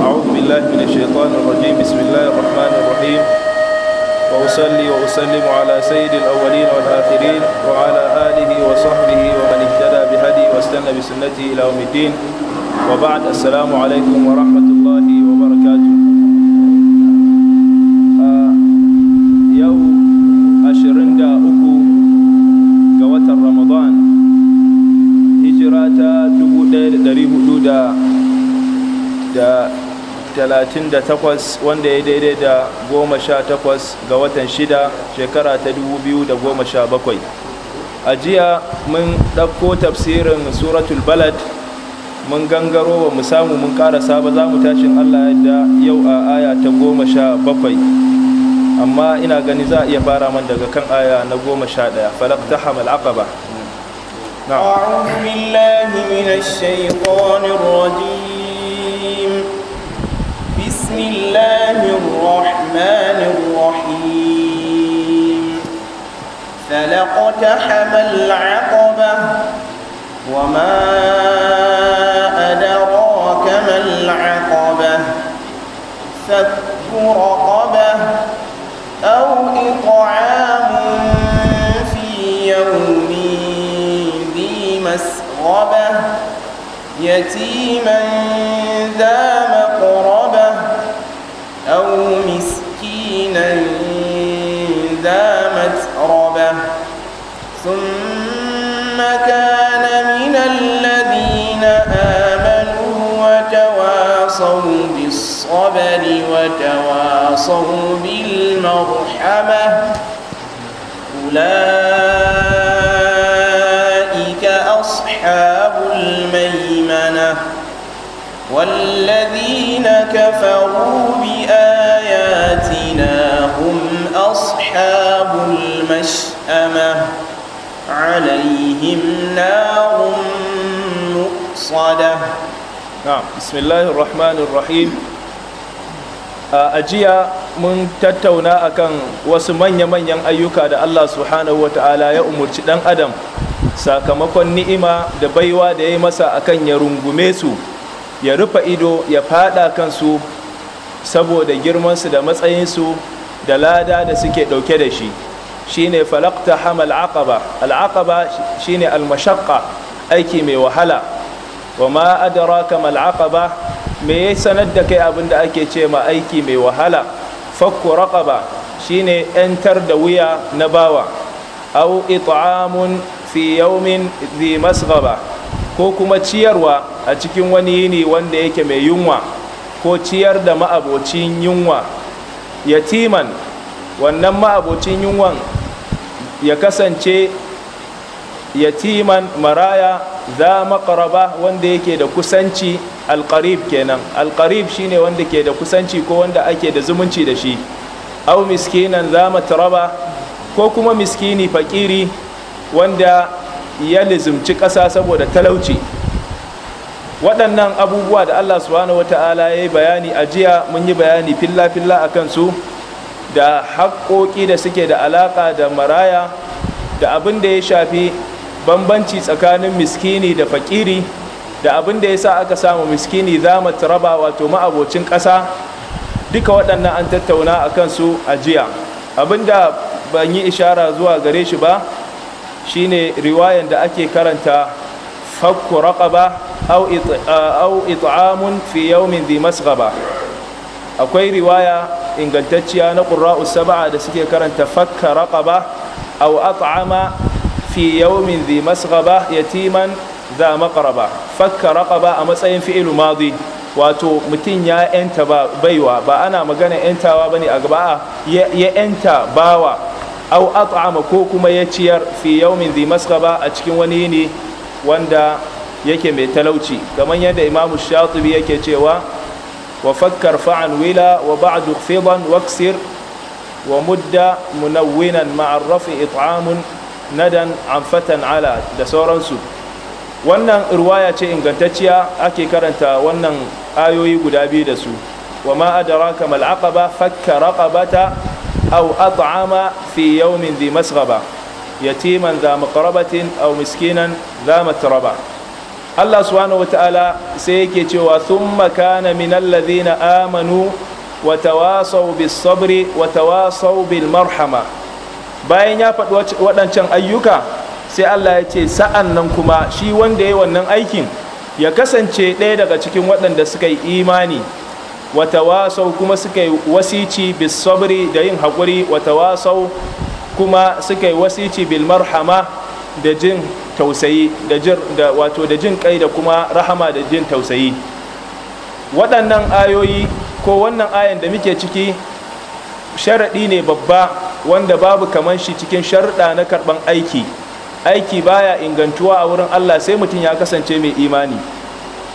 أعوذ بالله من الشيطان الرجيم بسم الله الرحمن الرحيم وأصلي وأسلم على سيد الأولين والآخرين وعلى آله وصحبه ومن اهتدى بهدي واستنى بسنته إلى يوم الدين وبعد السلام عليكم ورحمة الله وبركاته يوم أشرين دا أكو قوة رمضان هجرات دبو دير دريب دا da 38 wanda ya daidai da 18 ga watan 6 shekara ta 2017 a jiya mun ɗauko tafsirin suratul balad mun gangaro ba mu samu mun karasa ba za mu tashin allah yadda yau a aya ta 17 amma ina gani za a iya fara man daga kan aya na 11 falakta hamal aqaba أعوذ بالله من الشيطان الرجيم الله الرحمن الرحيم فلاقتحم العقبة وما أدراك ما العقبة فك رقبة أو إطعام في يوم ذي مسغبة يتيما ووصوا بالمرحمة أولئك أصحاب الميمنة والذين كفروا بآياتنا هم أصحاب المشأمة عليهم نار مؤصدة نعم بسم الله الرحمن الرحيم آه، أجيا mun tattauna akan wasu manya-manyan ayyuka da Allah subhanahu wata'ala ya umurci ɗan adam sakamakon ni'ima da baiwa da ya yi masa akan ya rungume su ya rufe ido ya fada kansu saboda girmansu da matsayinsu da lada da suke ɗauke da shi shine falakta hamal aqaba al'aqaba shine almashaqqa aiki mai wahala wa ma adraka mal aqaba me ya sanar da kai abin da ake ce ma aiki mai wahala fakku shi shine yantar da wuya na bawa au it'amun fi yawmin ko kuma ciyarwa a cikin wani yini wanda yake mai yunwa ko ciyar da ma'abocin yunwa yatiman wannan ma'abocin yunwan ya kasance yatiman maraya za makaraba wanda yake da kusanci alkarib kenan shi shine wanda ke da kusanci ko wanda ake da zumunci da shi au miskinan za mataraba ko kuma miskini fakiri wanda ya lizumci ƙasa saboda talauci waɗannan abubuwa da allah subhanahu wa ta'ala ya yi bayani a jiya mun yi bayani filla-filla a kansu da haƙƙoƙi da suke da alaƙa da maraya da abin da ya shafi bambanci tsakanin miskini da fakiri da abin da ya sa aka samu miskini za mu raba wato ma'abocin ƙasa duka waɗannan an tattauna a kansu a jiya abin da ban yi ishara zuwa gare shi ba shine riwayan da ake karanta fakku au it'amun fi yawmin dhi akwai riwaya ingantacciya na qurra'u sab'a da suke karanta fakka au at'ama fi yawmin dhi masghaba yatiman za maqraba fakka raqaba a matsayin fi'ilu madi wato mutum ya yanta baiwa ba ana magana yantawa bane a gaba ya yanta bawa au at'ama ko kuma ya ciyar fi yawmin dhi masghaba a cikin wani ne wanda yake mai talauci kamar yadda imamu shatibi yake cewa wa fakkar fa'an wila wa ba'du fidan waksir wa mudda munawwinan ma'arrafi it'amun nadan amfatan ala da sauransu wannan ruwaya ce ingantacciya ake karanta wannan ayoyi guda biyu da su wa ma adraka mal aqaba fakka raqabata aw at'ama fi yawmin dhi masghaba yatiman dha maqrabatin aw miskinan dha matraba Allah subhanahu wataala sai yake cewa thumma kana min alladhina amanu wa tawasaw bis sabri wa tawasaw bil marhama bayan ya faɗi waɗancan ayyuka sai allah ya ce sa'an nan kuma shi wanda ya yi wannan aikin ya kasance ɗaya daga cikin waɗanda suka yi imani wata wasau kuma suka yi wasici bis sabri da yin haƙuri wata wasau kuma suka yi wasici bil marhama da jin tausayi da wato da jin kai da kuma rahama da jin tausayi waɗannan ayoyi ko wannan ayan da muke ciki sharaɗi ne babba wanda babu kaman shi cikin sharɗa na karɓan aiki aiki baya ingantuwa a wurin Allah sai mutum ya kasance mai imani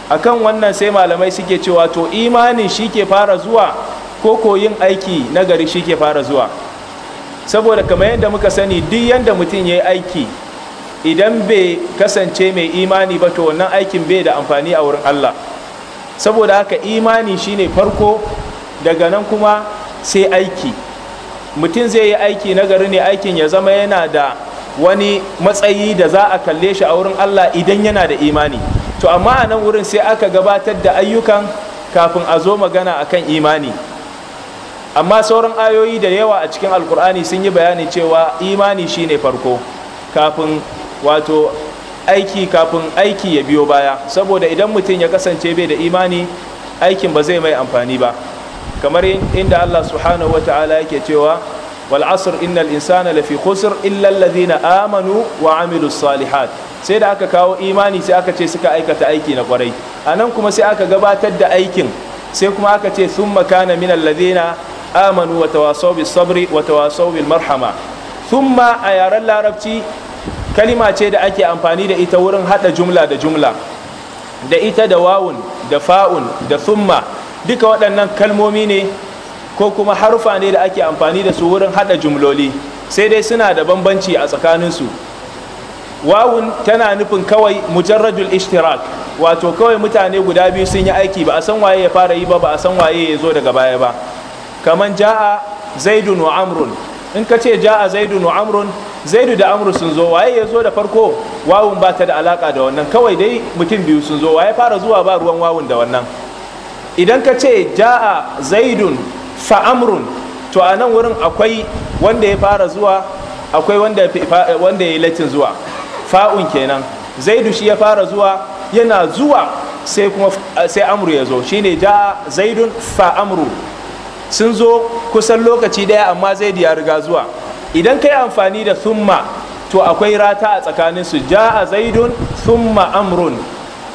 akan wannan sai malamai suke cewa to imanin shi ke fara zuwa ko koyin aiki na gari shi ke fara zuwa saboda kamar yadda muka sani duk yadda mutum ya yi aiki idan bai kasance mai imani ba to wannan aikin bai da amfani a wurin Allah saboda haka imani shine farko daga nan kuma sai aiki mutum zai yi aiki na gari ne aikin ya zama yana da wani matsayi da za a kalle shi a wurin Allah idan yana da imani to amma a nan wurin sai aka gabatar da ayyukan kafin a zo magana akan imani amma sauran ayoyi da yawa a cikin alkur'ani sun yi bayani cewa imani shine farko kafin wato aiki kafin aiki ya biyo baya saboda idan mutum ya kasance bai da imani aikin ba zai mai amfani ba kamar inda Allah subhanahu wa ta'ala yake cewa wal asr innal insana lafi khusr illa alladhina amanu wa amilu salihat sai da aka kawo imani sai aka ce suka aikata aiki na kwarai anan kuma sai aka gabatar da aikin sai kuma aka ce thumma kana min ladhina amanu wa tawasaw bis sabri wa tawasaw bil marhama thumma a yaren larabci kalima ce da ake amfani da ita wurin hada jumla da jumla da ita da wawun da fa'un da thumma duka waɗannan kalmomi ne ko kuma harufa ne da ake amfani da su wurin haɗa jumloli sai dai suna da bambanci a tsakaninsu wawun tana nufin kawai mujarradul ishtirak wato kawai mutane guda biyu sun yi aiki ba a san waye ya fara yi ba ba a san waye ya zo daga baya ba Kamar ja'a zaidun wa amrun in ka ce ja'a zaidun wa amrun zaidu da amru sun zo waye ya zo da farko wawun ba ta da alaka da wannan kawai dai mutum biyu sun zo waye fara zuwa ba ruwan wawun da wannan idan ka ce ja'a zaidun fa'amrun to a nan wurin akwai wanda ya fara zuwa akwai wanda ya yi latin zuwa fa'un kenan zaidu shi ya fara zuwa yana zuwa sai kuma sai amru ya zo shine ja'a zaidun fa'amru sun zo kusan lokaci daya amma zaidu ya riga zuwa idan ka yi amfani da thumma to akwai rata a tsakanin su ja'a zaidun thumma amrun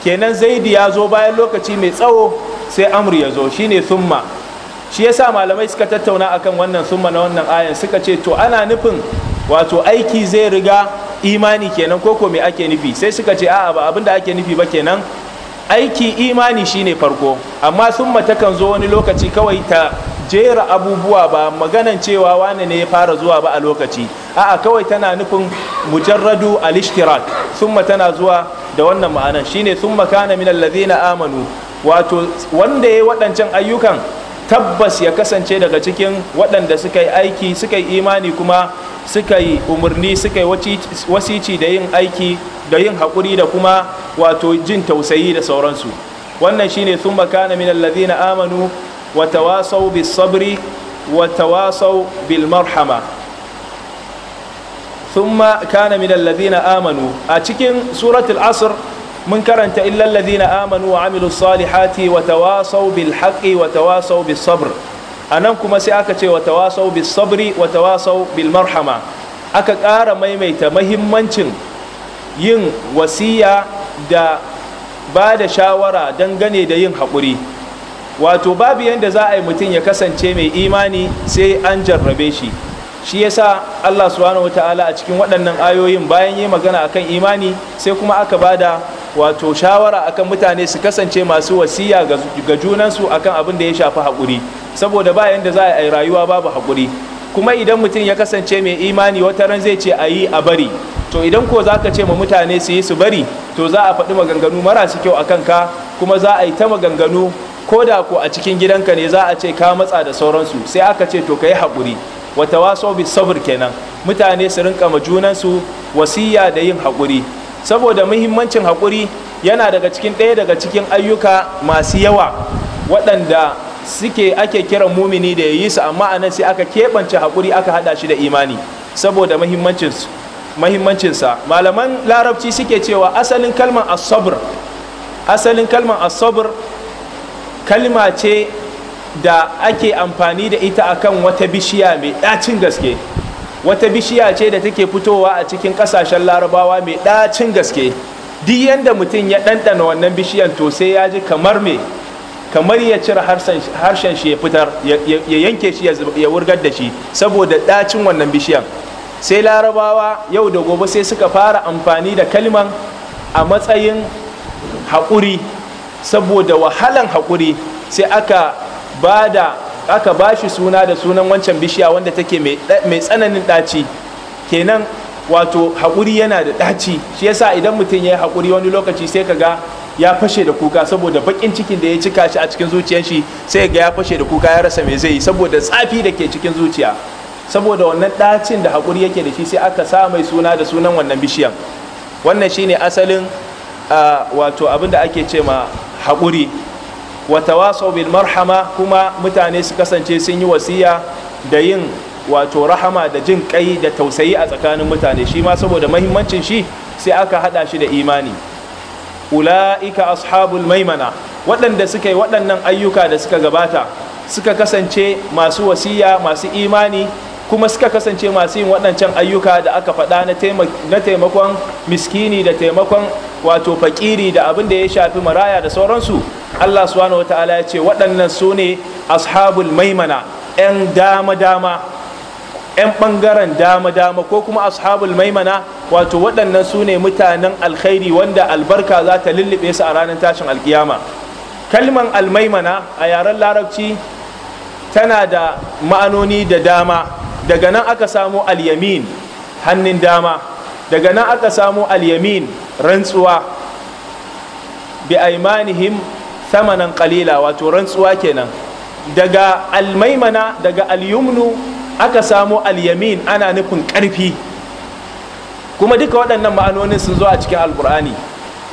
kenan zaidu ya zo bayan lokaci mai tsawo sai amur ya zo shine summa shi yasa malamai suka tattauna akan wannan summa na wannan ayan suka ce to ana nufin wato aiki zai riga imani kenan ko ko me ake nufi sai suka ce a'a ba abinda ake nufi ba kenan aiki imani shine farko amma summa takan zo wani lokaci kawai ta jera abubuwa ba maganan cewa wane ne ya fara zuwa ba a lokaci a'a kawai tana nufin mujarradu al-ishtirak summa tana zuwa da wannan ma'anan shine summa kana min allazina amanu wato wanda ya yi waɗancan ayyukan tabbas ya kasance daga cikin waɗanda suka yi aiki suka yi imani kuma suka yi umarni suka yi wasici da yin aiki da yin haƙuri da kuma wato jin tausayi da sauransu wannan shine sun makana min na amanu wa wasau bil sabri wa wasau bil marhama thumma kana min allazina amanu a cikin suratul asr mun karanta illal ladina amanu wa amilu salihati wa tawasaw bil haqqi wa tawasaw bis sabr anan kuma sai aka ce wa tawasaw bis sabri wa tawasaw bil marhama aka ƙara maimaita mahimmancin yin wasiya da ba da shawara dangane da yin haƙuri wato babu yadda za a yi mutum ya kasance mai imani sai an jarrabe shi shi yasa Allah subhanahu a cikin waɗannan ayoyin bayan yi magana akan imani sai kuma aka ba da wato shawara akan mutane su kasance masu wasiya ga junansu akan abin da ya shafi hakuri, saboda ba yanda za a yi rayuwa babu hakuri. kuma idan mutum ya kasance mai imani wata ran zai ce a yi a bari to idan ko za ka ce ma mutane su yi su bari to za a faɗi maganganu marasu kyau a kanka kuma za a yi ta maganganu ko da ko a cikin gidanka ne za a ce ka matsa da sauransu sai aka ce to ka yi hakuri. wata waso bi sabr kenan mutane su rinka ma junansu wasiya da yin haƙuri saboda muhimmancin haƙuri yana daga cikin ɗaya daga cikin ayyuka masu yawa waɗanda suke ake kiran mumini da ya yi su amma anan sai aka keɓance haƙuri aka haɗa shi da imani saboda muhimmancinsa malaman larabci suke cewa asalin kalmar asabar asalin kalmar asabr kalma ce da ake amfani da ita akan wata bishiya mai ɗacin gaske wata bishiya ce da take fitowa a cikin kasashen larabawa mai ɗacin gaske duk yadda mutum ya ɗanɗana wannan bishiyan to sai ya ji kamar me kamar ya cire harshen shi ya fitar ya yanke shi ya wurgar da shi saboda ɗacin wannan bishiyan sai larabawa yau da gobe sai suka fara amfani da kalman a matsayin haƙuri saboda wahalan haƙuri sai aka ba da aka ba shi suna da sunan wancan bishiya wanda take mai tsananin ɗaci kenan wato haƙuri yana da ɗaci shi yasa idan mutum ya yi haƙuri wani lokaci sai ka ga ya fashe da kuka saboda baƙin cikin da ya cika shi a cikin zuciyar shi sai ga ya fashe da kuka ya rasa mai zai yi saboda tsafi da ke cikin zuciya saboda wannan ɗacin da haƙuri yake da shi sai aka sa mai suna da sunan wannan bishiyan wannan shine asalin ah, wato abin da ake ce ma haƙuri wa tawasau bil marhama kuma mutane su kasance sun yi wasiya da yin wato rahama da jin kai da tausayi a tsakanin mutane shi ma saboda mahimmancin shi sai aka hada shi da imani ula'ika ashabul maimana waɗanda suka yi waɗannan ayyuka da suka gabata suka kasance masu wasiya masu imani kuma suka kasance masu yin waɗancan ayyuka da aka faɗa na taimakon miskini da taimakon wato fakiri da abin da ya shafi maraya da sauransu allah subhanahu ya ce waɗannan su ne ashabul maimana 'yan dama-dama 'yan ɓangaren dama-dama ko kuma ashabul maimana wato waɗannan su ne mutanen alkhairi wanda albarka za ta lullube su a ranar tashin alkiyama kalman almaimana a yaren larabci tana da ma'anoni da dama daga nan aka samo alyamin hannun dama daga nan aka samo alyamin rantsuwa bi aimanihim samanan kalila wato rantsuwa kenan daga almaimana daga alyumnu aka samo alyamin ana nufin karfi kuma duka waɗannan ma'anonin sun zo a cikin alkur'ani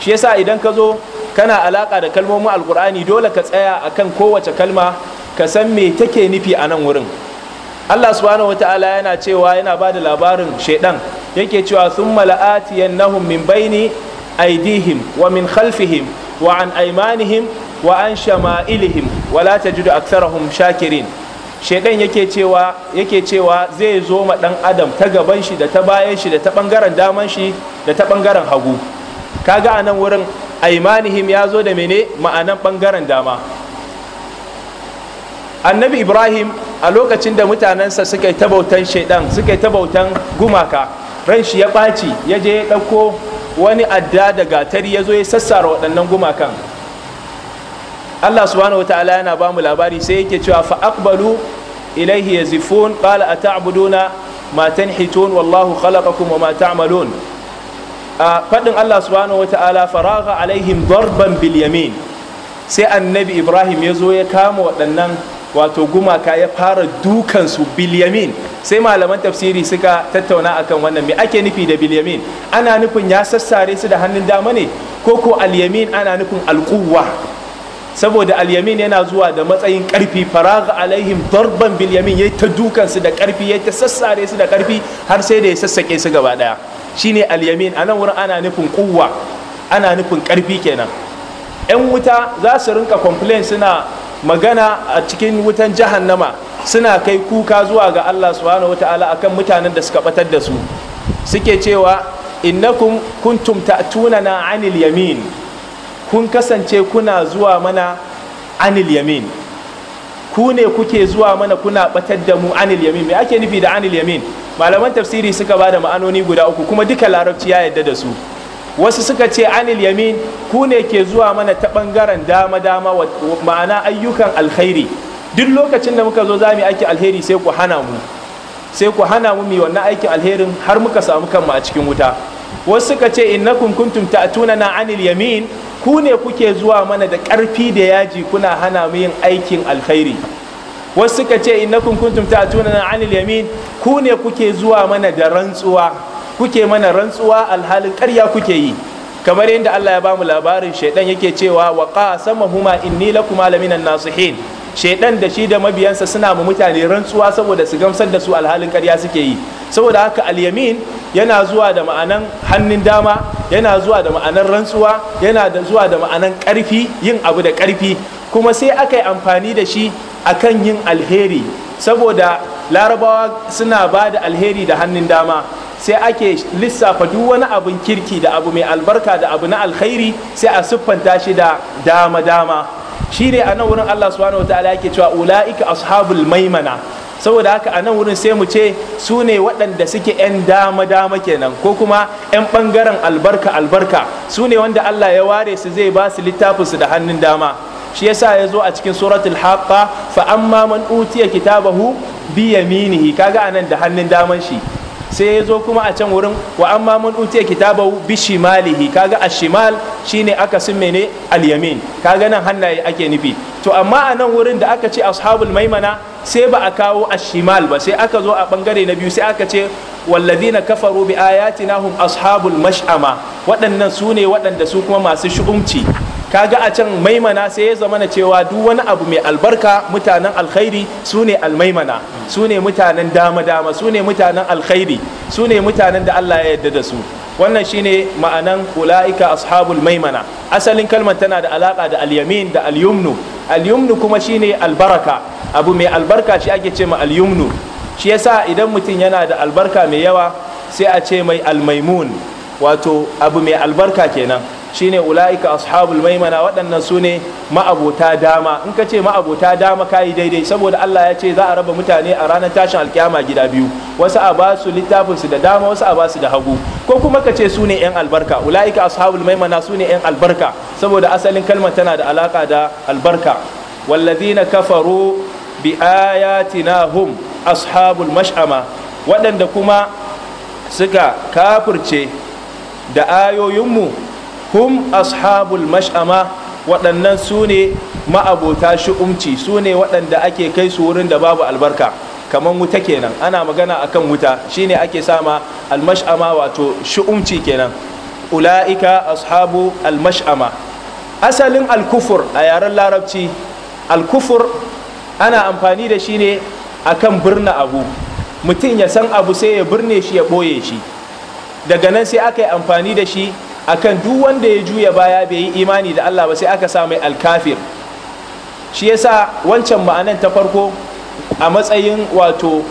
shi yasa idan ka zo kana alaƙa da kalmomin alkur'ani dole ka tsaya akan kowace kalma ka san me take nufi a nan wurin Allah subhanahu wataala yana cewa yana ba da labarin shaidan yake cewa sun mala'ati la'atiyannahum min baini aidihim wa min khalfihim wa an aimanihim wa an shama'ilihim wa la tajidu aktharahum shakirin shaidan yake cewa yake cewa zai zo ma dan adam ta gaban shi da ta bayan shi da ta bangaren daman shi da ta bangaren hagu kaga anan wurin aimanihim ya zo da mene ma'anan bangaren dama annabi ibrahim a lokacin da mutanensa suka yi tabautan shaidan suka yi tabautan gumaka ran shi ya ɓaci ya je ya ɗauko wani adda da gatari ya zo ya sassara waɗannan gumakan allah subhanahu wataala yana ba mu labari sai yake cewa fa aqbalu ilaihi yazifun qala ata'buduna ma tanhitun wallahu khalaqakum wa ma ta'malun a fadin allah subhanahu wataala faragha alaihim darban bil yamin sai annabi ibrahim ya zo ya kama waɗannan wato gumaka ya fara dukansu bilyamin sai malaman tafsiri suka tattauna akan wannan me ake nufi da bilyamin ana nufin ya sassare su da hannun dama ne ko ko alyamin ana nufin alkuwa saboda alyamin yana zuwa da matsayin karfi faraga alaihim darban bilyamin yayi ta dukansu da karfi yayi ta sassare su da karfi har sai da ya sassake su gaba daya shine alyamin anan wurin ana nufin kuwa ana nufin karfi kenan yan wuta za su rinka complain suna magana a cikin wutan jahannama suna kai kuka zuwa ga Allah subhanahu wataala akan mutanen da suka batar da su suke cewa innakum kuntum ta'tunana anil yamin kun kasance kuna zuwa mana anil yamin ku ne kuke zuwa mana kuna batar da mu anil yamin me ake nufi da anil yamin malaman tafsiri suka bada ma'anoni guda uku kuma duka larabci ya yadda da su wasu suka ce anil yamin ku ne ke zuwa mana ta ɓangaren dama dama ma'ana ayyukan alkhairi duk lokacin da muka zo za mu aiki alheri sai ku hana mu sai ku hana mu mu wannan aikin alherin har muka samu kanmu a cikin wuta wasu suka ce innakum kuntum ta'tuna na anil yamin ku ne kuke zuwa mana da karfi da yaji kuna hana mu yin aikin alkhairi wasu suka ce innakum kuntum ta'tuna na anil yamin ku ne kuke zuwa mana da rantsuwa kuke mana rantsuwa alhalin ƙarya kuke yi kamar yadda Allah ya bamu labarin shaidan yake cewa wa huma inni lakum laminan nasihin shaidan da shi da mabiyansa suna mu mutane rantsuwa saboda su gamsar da su alhalin ƙarya suke yi saboda haka alyamin yana zuwa da ma'anan hannun dama yana zuwa da ma'anan rantsuwa yana da zuwa da ma'anan ƙarfi yin abu da ƙarfi kuma sai aka yi amfani da shi akan yin alheri saboda larabawa suna ba da alheri da hannun dama sai ake lissafa duk wani abin kirki da abu mai albarka da abu na alkhairi sai a siffanta shi da dama dama shi ne a nan wurin Allah subhanahu ta'ala yake cewa ula'ika ashabul maimana saboda haka a nan wurin sai mu ce su ne waɗanda suke 'yan dama dama kenan ko kuma 'yan ɓangaren albarka albarka su ne wanda Allah ya ware su zai ba su littafinsu da hannun dama shi yasa ya zo a cikin suratul haqqa fa amma man utiya kitabahu bi yaminihi kaga anan da hannun daman shi sai ya zo kuma a can wurin wa amma mun utiya kitabahu bi shimalihi kaga ashimal shine aka sun mene alyamin kaga nan hannaye ake nufi to amma a nan wurin da aka ce ashabul maimana sai ba a kawo ashimal ba sai aka zo a bangare na biyu sai aka ce walladhina kafaru bi ayatina hum ashabul mash'ama waɗannan su ne waɗanda su kuma masu shu'umci kaga a can maimana sai ya zama na cewa duk wani abu mai albarka mutanen alkhairi su ne almaimana su ne mutanen dama-dama su ne mutanen alkhairi su ne mutanen da Allah ya yarda da su wannan shine ma'anan ula'ika ashabul maimana asalin kalmar tana da alaka da alyamin da alyumnu alyumnu kuma shine albaraka abu mai albarka shi ake ce ma alyumnu shi yasa idan mutum yana da albarka mai yawa sai a ce mai almaimun wato abu mai albarka kenan shine ula'ika ashabul maimana waɗannan su ne ma'abota dama in ka ce ma'abota dama kayi daidai saboda Allah ya ce za a raba mutane a ranar tashin alkiyama gida biyu wasu a basu littafin su da dama wasu a basu da hagu ko kuma ka ce su ne yan albarka ula'ika ashabul maimana su ne yan albarka saboda asalin kalmar tana da alaka da albarka wallazina kafaru bi ayatina hum ashabul mash'ama waɗanda kuma suka kafirce da ayoyinmu hum ashabul mash'ama waɗannan su ne ma'abota shi'umci su ne waɗanda ake kai su wurin da babu albarka kamar wuta kenan ana magana akan wuta shine ake sama almash'ama wato shi'umci kenan ula'ika ashabu almash'ama asalin alkufur a yaren larabci alkufur ana amfani da shi ne akan birna abu mutum ya san abu sai ya birne shi ya ɓoye shi daga nan sai aka yi amfani da shi akan duk wanda ya juya baya bai yi imani da Allah ba sai aka sa mai alkafir shi yasa wancan ma'anan ta farko a matsayin wato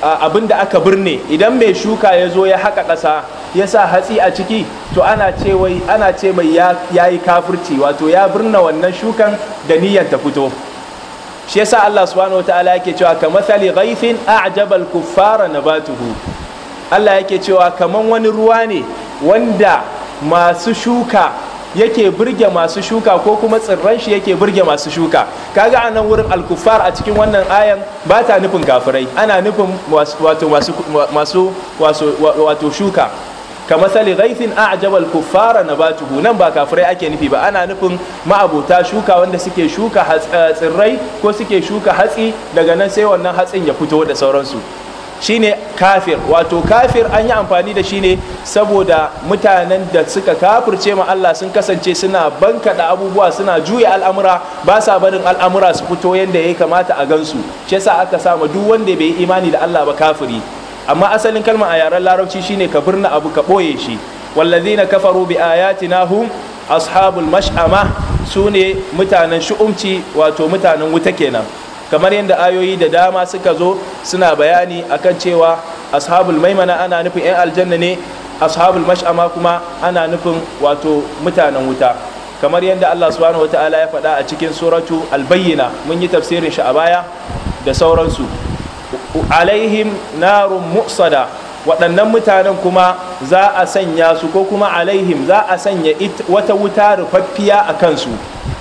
abin da aka birne idan mai shuka ya zo ya haƙa ƙasa ya sa hatsi a ciki to ana ce ana ce mai ya yi kafirci wato ya birna wannan shukan da niyyar ta fito shi yasa Allah subhanahu wataala yake cewa ka mathali ghaifin a'jaba al-kuffara nabatuhu Allah yake cewa kaman wani ruwa ne wanda masu shuka yake burge masu shuka ko kuma tsirran shi yake burge masu shuka kaga a nan wurin alkufar a cikin wannan ayan ba ta nufin kafirai ana nufin wato masu wato shuka ka masali ghaithin a'jaba al na nabatuhu nan ba kafirai ake nufi ba ana nufin ma'abota shuka wanda suke shuka eh, tsirrai ko suke shuka hatsi daga nan sai wannan hatsin ya fito da sauransu shine kafir wato kafir an yi amfani da shi ne saboda mutanen da suka kafirce ma Allah sun kasance suna bankada abubuwa suna juya al'amura ba sa barin al'amura su fito yadda ya kamata a gansu shi yasa aka sama duk wanda bai yi imani da Allah ba kafiri amma asalin kalma a yaren larabci shine ka birna abu ka boye shi wallazina kafaru bi ayatina hum ashabul mash'ama sune mutanen shu'umci wato mutanen wuta kenan kamar yadda ayoyi da dama suka zo suna bayani akan cewa ashabul maimana ana nufin 'yan aljanna ne ashabul mash'ama kuma ana nufin wato mutanen wuta kamar yadda Allah subhanahu wataala ya faɗa a cikin suratu albayyina mun yi tafsirin shi a baya da sauransu alaihim narun mu'sada waɗannan mutanen kuma za a sanya su ko kuma alaihim za a sanya wata wuta rufaffiya a kansu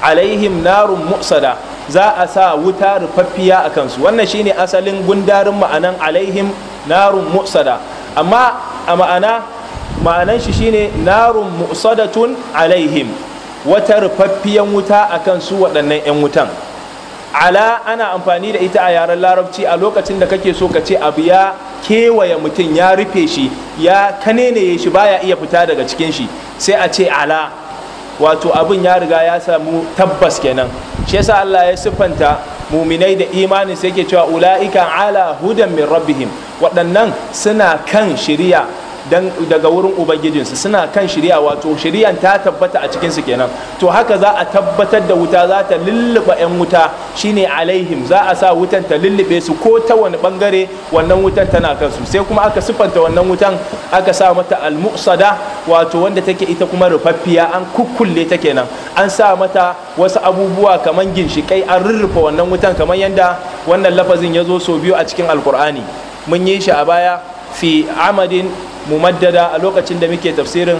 alaihim narun mu'sada za a sa wuta rufaffiya a kansu wannan shine asalin gundarin ma'anan alaihim narun mu'sada amma a ma'ana ma'anan shi shine narun mu'sadatun alaihim wata rufaffiyan wuta a kansu waɗannan 'yan wutan ala ana amfani da ita a yaren larabci a lokacin da kake so ka ce abu ya kewaye mutum ya rufe shi ya kaneneye shi baya iya fita daga cikin shi sai a ce ala wato abin ya riga ya samu tabbas kenan shi yasa Allah ya siffanta muminai da imani sai yake cewa ula'ika ala hudan min rabbihim waɗannan suna kan shiriya daga wurin ubangijinsu suna kan shari'a wato shari'an ta tabbata a cikinsu kenan to haka za a tabbatar da wuta za ta lulluɓa 'yan wuta shine alaihim za a sa wutan ta lullube su ko ta wani bangare wannan wutan tana kansu sai kuma aka siffanta wannan wutan aka sa mata almusada wato wanda take ita kuma rufaffiya an kukkulle ta kenan an sa mata wasu abubuwa kamar ginshikai an rurrufe wannan wutan kamar yadda wannan lafazin ya zo sau biyu a cikin alkur'ani mun yi shi a baya fi amadin mumaddada a lokacin da muke tafsirin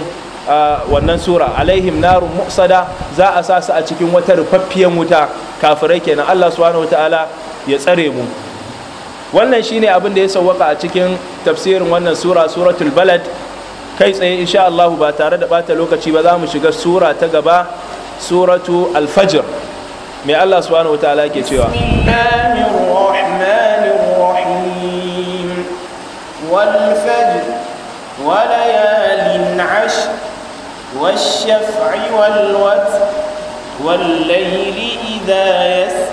wannan sura alaihim na mu'sada za a sa su a cikin wata rufaffiyar wuta kafirai kenan Allah subhanahu wataala ya tsare mu wannan shine abin da ya sawwaka a cikin tafsirin wannan sura suratul balad kai tsaye insha Allah ba tare da bata lokaci ba za mu shiga sura ta gaba suratu al-fajr mai Allah subhanahu wataala ke cewa wal fajr وليال عشر والشفع والوتر والليل إذا يسر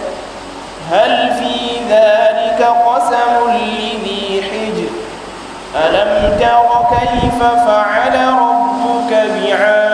هل في ذلك قسم لذي حجر ألم تر كيف فعل ربك بعاد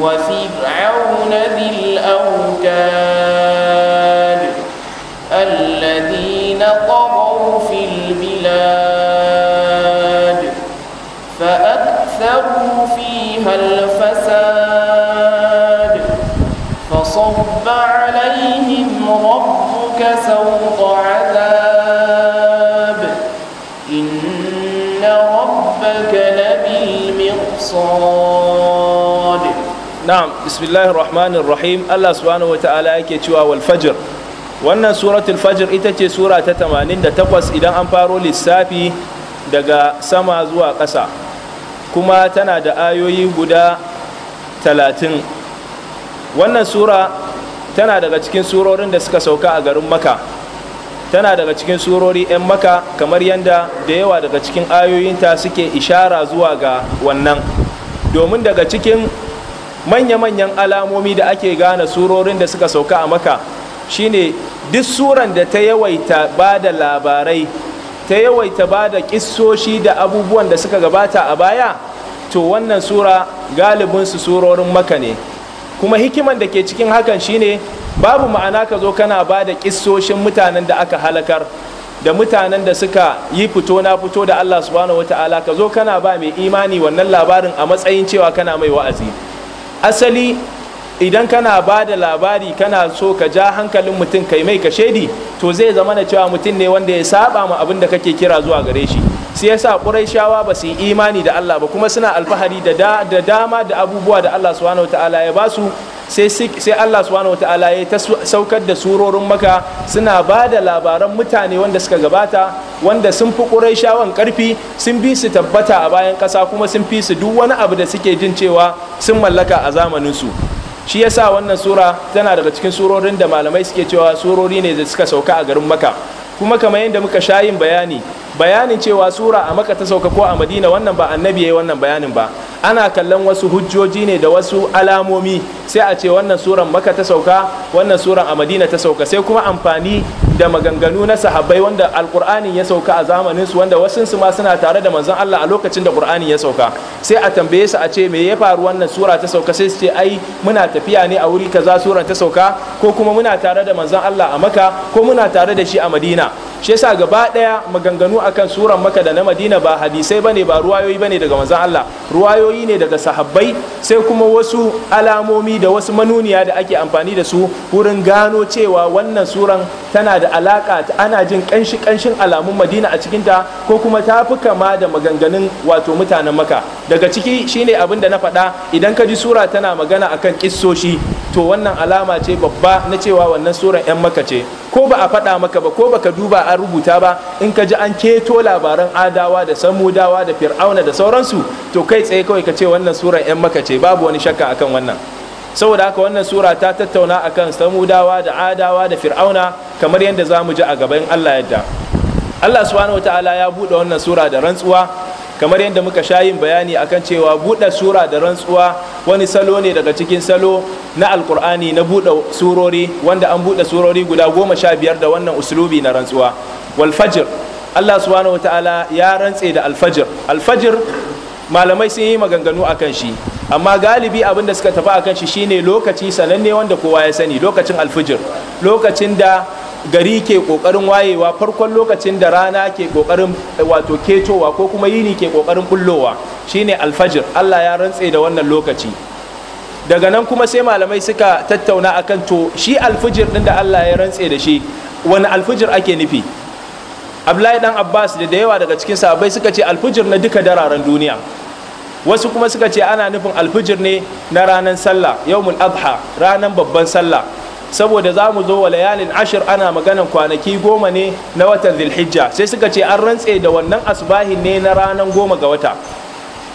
وفرعون ذي الأوتاد الذين طغوا في البلاد فأكثروا فيها الأوتاد na'am bismillahir rahmanir rahim Allah subhanahu wataala yake cewa wal fajr wannan suratul fajr ita ce sura ta 88 idan an faro lissafi daga sama zuwa ƙasa kuma tana da ayoyi guda 30 wannan sura tana daga cikin surorin da suka sauka a garin maka tana daga cikin surori 'yan maka kamar yadda da yawa daga cikin ayoyinta suke ishara zuwa ga wannan domin daga cikin manya-manyan alamomi da ake gane surorin da suka sauka a maka shine duk suran da ta yawaita ba da labarai ta yawaita ba da ƙissoshi da abubuwan da suka gabata a baya to wannan sura galibinsu surorin maka ne kuma hikiman da ke cikin hakan shine babu ma'ana ka zo kana ba da ƙissoshin mutanen da aka halakar da mutanen da suka yi fito na fito da Allah subhanahu wataala ka zo kana ba mai imani wannan labarin a matsayin cewa kana mai wa'azi أسلي idan kana ba da labari kana so ka ja hankalin mutum kai mai ka shaidi to zai zama na cewa mutum ne wanda ya saba ma abin da kake kira zuwa gare shi sai ya yasa ƙuraishawa ba su yi imani da Allah ba kuma suna alfahari da dama da abubuwa da Allah subhanahu wataala ya ba su sai Allah subhanahu wataala ya ta saukar da surorin maka suna ba da labaran mutane wanda suka gabata wanda sun fi ƙuraishawan ƙarfi sun bi su tabbata a bayan ƙasa kuma sun fi su duk wani abu da suke jin cewa sun mallaka a zamaninsu shi yasa wannan sura tana daga cikin surorin da malamai suke cewa surori ne da suka sauka a garin maka kuma kamar yadda muka sha yin bayani bayanin cewa sura a maka ta sauka ko a madina wannan ba annabi ya yayi wannan bayanin ba ana kallon wasu hujjoji ne da wasu alamomi sai a ce wannan suran maka ta sauka wannan suran a madina ta sauka sai kuma amfani da maganganu na sahabbai wanda alkur'ani ya sauka a zamanin su wanda wasu su ma suna tare da manzon Allah a lokacin da qur'ani ya sauka sai a tambaye su a ce me ya faru wannan sura ta sauka sai su ce ai muna tafiya ne a wuri kaza sura ta sauka ko kuma muna tare da manzon Allah a maka ko muna tare da shi a Madina shi yasa gaba daya maganganu akan suran maka da na Madina ba hadisai bane ba ruwayoyi bane daga manzon Allah ruwayoyi ne daga sahabbai sai kuma wasu alamomi da wasu manuniya da ake amfani da su wurin gano cewa wannan suran tana da alaƙa ta ana jin kanshi kanshin alamun madina a cikinta ko kuma ta fi kama da maganganun wato mutanen maka daga ciki shine abin da na faɗa idan ka ji sura tana magana akan kissoshi to wannan alama ce babba na cewa wannan suran 'yan maka ce ko ba a faɗa maka ba ko ba ka duba an rubuta ba in ka ji an keto labaran adawa da samudawa da fir'auna da sauransu to kai tsaye kawai ka ce wannan suran 'yan maka ce babu wani shakka akan wannan saboda haka wannan sura ta tattauna akan samudawa da adawa da fir'auna kamar yadda za mu ji a gaban allah yadda allah subhanahu ta'ala ya buɗe wannan sura da rantsuwa kamar yadda muka sha yin bayani akan cewa buɗe sura da rantsuwa wani salo ne daga cikin salo na alkur'ani na buɗe surori wanda an buɗe surori guda goma sha biyar da wannan uslubi na rantsuwa Walfajir allah subhanahu ta'ala ya rantse da alfajir alfajir malamai sun yi maganganu akan shi amma galibi abin da suka tafi akan shi shine lokaci sananne wanda kowa ya sani lokacin alfijir lokacin da gari ke kokarin wayewa farkon lokacin da rana ke kokarin eh, wato ketowa ko kuma yini ke kokarin bullowa shine alfajir Allah ya rantse da wannan lokaci daga nan kuma sai malamai suka tattauna akan to shi alfijir din da Allah ya rantse da shi wani alfijir ake nufi Abdullahi dan Abbas da da yawa daga cikin sahabbai suka ce alfijir na duka dararen duniya wasu kuma suka ce ana nufin alfijir ne na ranar sallah yawmul adha ranar babban sallah saboda za mu zo wa layalin ashir ana maganan kwanaki goma ne na watan zilhijja sai suka ce an rantse da wannan asbahin ne na ranar goma ga wata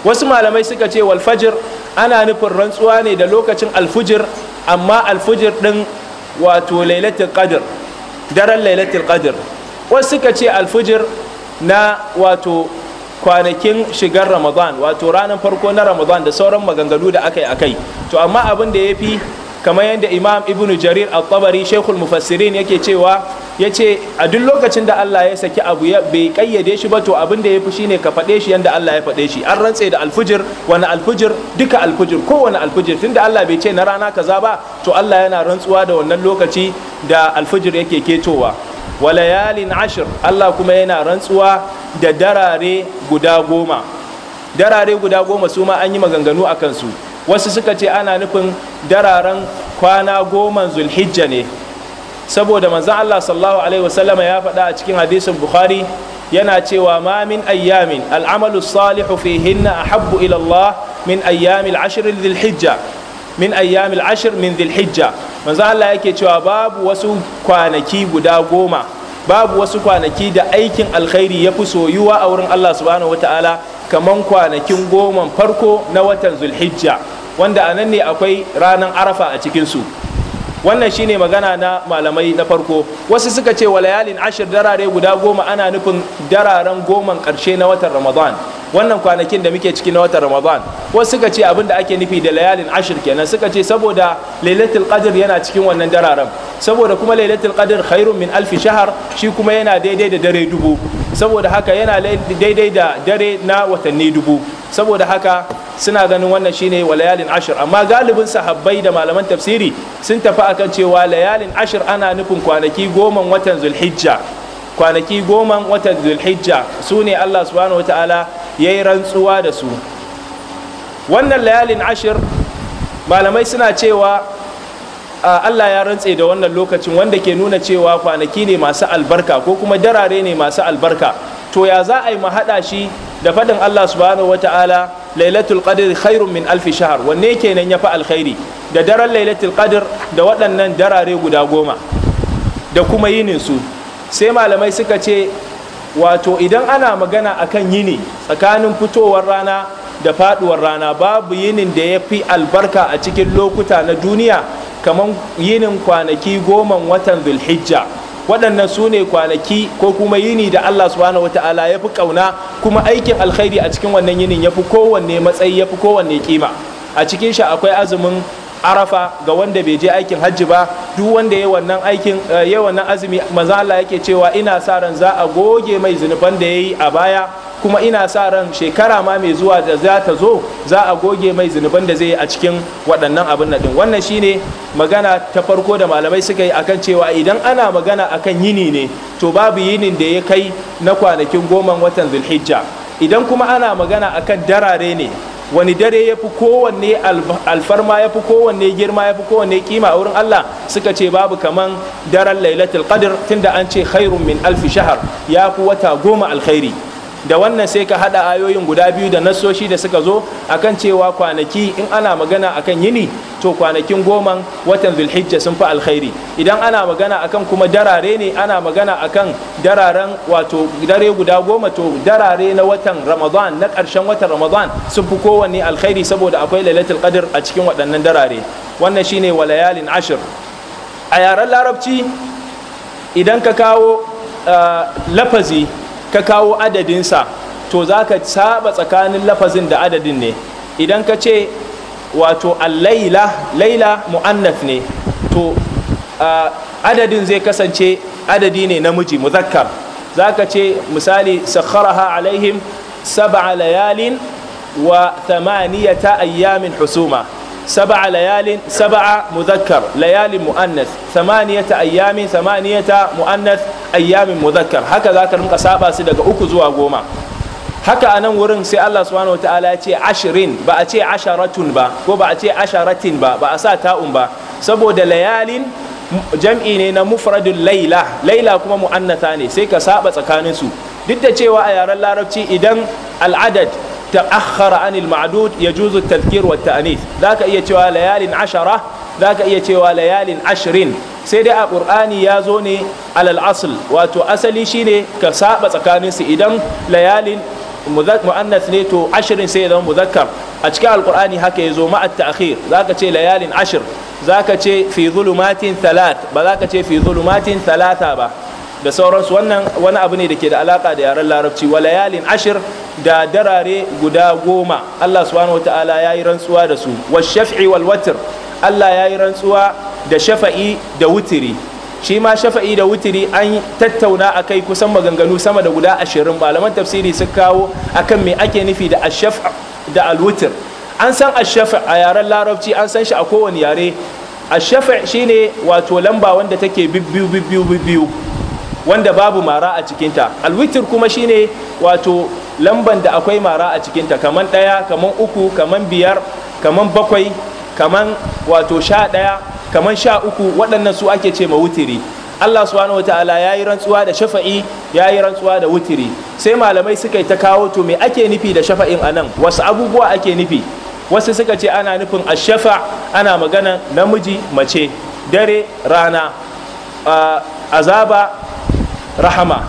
wasu malamai suka ce walfajir ana nufin rantsuwa ne da lokacin alfujir amma alfujir din wato lailatul qadr daren lailatul qadr wasu suka ce alfujir na wato kwanakin shigar ramadan wato ranar farko na ramadan da sauran maganganu da aka yi akai to amma abin da ya fi kamar yadda imam ibn jarir al-tabari shekul mufassirin yake cewa ya ce a duk lokacin da allah ya saki abu ya bai kayyade shi ba to abin da ya fi shine ka faɗe shi yadda allah ya faɗe shi an rantse da alfujir wani alfujir duka alfujir kowane alfujir tunda allah bai ce na rana kaza ba to allah yana rantsuwa da wannan lokaci da alfujir yake ketowa wa layalin ashir Allah kuma yana rantsuwa da darare guda goma darare guda goma su ma an yi maganganu a kansu wasu suka ce ana nufin dararen kwana goman zulhijja ne saboda manzon Allah sallallahu alaihi wasallama ya faɗa a cikin hadisin bukhari yana cewa ma min ayyamin al'amalu salihu fihinna ahabbu ila Allah min ayyamil ashr hijja. min ayyamil ashir min hijja manzo Allah yake cewa babu wasu kwanaki guda goma babu wasu kwanaki da aikin alkhairi ya fi soyuwa a wurin Allah subhanahu wataala kaman kwanakin goman farko na watan zulhijja wanda a nan ne akwai ranan arafa a cikinsu wannan shine magana na malamai na farko wasu suka ce wa ashir darare guda goma ana nufin dararen goman ƙarshe na watan ramadan wannan kwanakin da muke ciki na watan ramadan wasu suka ce abin da ake nufi da layalin ashir kenan suka ce saboda lailatul qadr yana cikin wannan dararen saboda kuma lailatul qadr khairun min alfi shahar shi kuma yana daidai da dare dubu saboda haka yana daidai da dare na watanni dubu saboda haka suna ganin wannan shine wa layalin ashir amma galibin sahabbai da malaman tafsiri sun tafi akan cewa layalin ashir ana nufin kwanaki goman watan zulhijja kwanaki goman watan zulhijja su ne allah subhanahu Ta'ala. ya yi rantsuwa da su wannan layalin ashir malamai suna cewa allah ya rantse da wannan lokacin wanda ke nuna cewa kwanaki ne masu albarka ko kuma darare ne masu albarka to ya za a yi mahaɗa shi da faɗin allah subhanahu wa ta'ala lailatul qadr khairun min alfi shahar wanne kenan ya fi alkhairi da daren lailatul qadr da waɗannan darare guda goma da kuma yinin su sai malamai suka ce wato idan ana magana akan yini tsakanin fitowar rana da faduwar rana babu yinin da ya fi albarka a cikin lokuta na duniya kamar yinin kwanaki goma watan zulhijja waɗannan su ne kwanaki ko kuma yini da allah subhanahu wata'ala ya fi ƙauna kuma aikin alkhairi a cikin wannan yinin ya fi kowanne matsayi ya fi kowanne kima a cikin shi akwai azumin arafa ga wanda bai je aikin hajji ba duk wanda ya wannan aikin eh, ya wannan azumi manzo Allah yake cewa ina sa ran za a goge mai zunuban da yayi a baya kuma ina sa ran shekara ma mai zuwa da za ta zo za a goge mai zunuban da zai yi a cikin waɗannan abin nan wannan shine magana ta farko da malamai suka yi akan cewa idan ana magana akan yini ne to babu yinin da ya kai na kwanakin goman watan zulhijja idan kuma ana magana akan darare ne wani dare ya fi kowanne alfarma ya fi kowanne girma ya fi kowanne kima a wurin Allah suka ce babu kaman daren lailatul qadr tunda an ce khairun min alfi shahar ya fi wata goma alkhairi da wannan sai ka hada ayoyin guda biyu da nasoshi da suka zo akan cewa kwanaki in ana magana akan yini to kwanakin goma watan zulhijja sun fi alkhairi idan ana magana akan kuma darare ne ana magana akan dararen wato dare guda goma to darare na watan ramadan na ƙarshen watan ramadan sun fi kowanne alkhairi saboda akwai lailatul qadr a cikin waɗannan darare wannan shine walayalin ashir a yaren larabci idan ka kawo eh, lafazi ka kawo adadinsa to za ka saba tsakanin lafazin da adadin ne idan ka ce wato allaila laila mu'annaf ne to adadin zai kasance adadi ne namiji muzakkar za ka ce misali sakharaha alaihim sab'a layalin wa thamaniyata ayyamin husuma سبع ليال سبع مذكر ليال مؤنث ثمانية أيام ثمانية مؤنث أيام rinka هكذا su daga uku zuwa goma. haka a nan wurin sai Allah subhanahu wa ta'ala ya ce ashirin ba a ce asharatun ba ko ba a ce asharatin ba ba a sa ta'un ba saboda layalin jam'i ne na mufradun laila laila kuma mu'annata ne sai ka saba tsakaninsu duk da cewa a yaren larabci idan al'adad ta'akhkhara anil ma'dud yajuzu at-tadhkir wa at-ta'nith zaka iya cewa layalin ashara zaka iya cewa layalin ashirin sai dai a qur'ani ya zo ne alal asl wato asali shine ka saba tsakanin su idan layalin muannas ne to ashirin sai ya muzakkar a cikin alqur'ani haka ya zo ma'a ta'khir zaka ce layalin ashir zaka ce fi talat thalath ba zaka ce fi talata thalatha ba da sauransu wannan wani abu ne da ke da alaka da yaren larabci wa layalin ashir da darare guda goma Allah subhanahu wataala ya yi rantsuwa da su wa shaf'i wal watr Allah ya rantsuwa da shafa'i da wutiri shi ma shafa'i da wutiri an tattauna a kai kusan maganganu sama da guda ashirin malaman tafsiri sun kawo akan me ake nufi da ashaf da alwutir an san ashaf a yaren larabci an san shi a kowane yare ashaf shine wato lamba wanda take bibbiyu bibbiyu bibbiyu wanda babu mara a cikinta alwitir kuma shine wato lamban da akwai mara a cikinta kaman ɗaya kaman uku kaman biyar kaman bakwai kaman wato sha ɗaya kaman sha uku waɗannan su ake ce ma wutiri Allah subhanahu wataala ya yi rantsuwa da shafa'i ya yi rantsuwa da wutiri sai malamai suka yi ta kawo to me ake nufi da shafa'in a nan wasu abubuwa ake nufi wasu suka ce ana nufin a ashafa ana magana namiji mace dare rana azaba rahama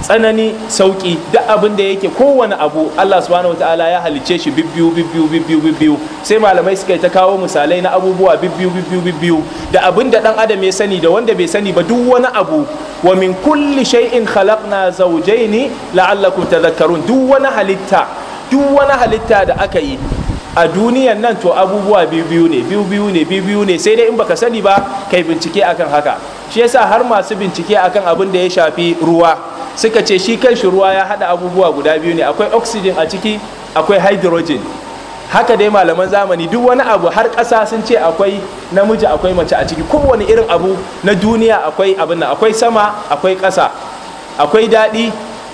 tsanani sauki duk abin da yake kowane abu Allah subhanahu wataala ya halice shi bibbiyu bibbiyu bibbiyu bibbiyu sai malamai suka ta kawo misalai na abubuwa bibbiyu bibbiyu bibbiyu da abin da dan adam ya sani da wanda bai sani ba duk wani abu wa min kulli shay'in khalaqna zawjayn la'allakum tadhakkarun duk wani halitta duk wani halitta da aka yi a duniyan nan to abubuwa biyu biyu ne biyu biyu ne ne sai dai in baka sani ba kai bincike akan haka shi yasa har masu bincike akan abin da ya shafi ruwa suka ce shi kan shi ruwa ya hada abubuwa guda biyu ne akwai oxygen a ciki akwai hydrogen haka dai malaman zamani duk wani abu har ƙasa sun ce akwai namiji akwai mace a ciki kowane irin abu na duniya akwai abin nan akwai sama akwai ƙasa akwai daɗi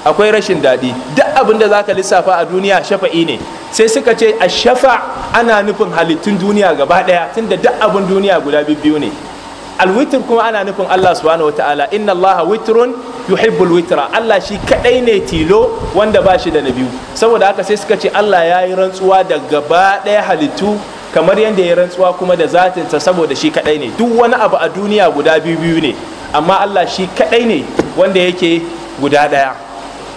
akwai rashin daɗi duk abin da zaka lissafa a duniya shafa'i ne sai suka ce a shafa ana nufin halittun duniya gaba ɗaya tunda duk abin duniya guda biyu ne alwitr kuma ana nufin Allah subhanahu wataala inna Allaha witrun yuhibbul witra Allah shi kadai ne tilo wanda ba shi da na biyu saboda haka sai suka ce Allah ya yi rantsuwa da gaba ɗaya halittu kamar yadda ya yi rantsuwa kuma da zatinsa saboda shi kadai ne duk wani abu a duniya guda biyu biyu ne amma Allah shi kadai ne wanda yake guda ɗaya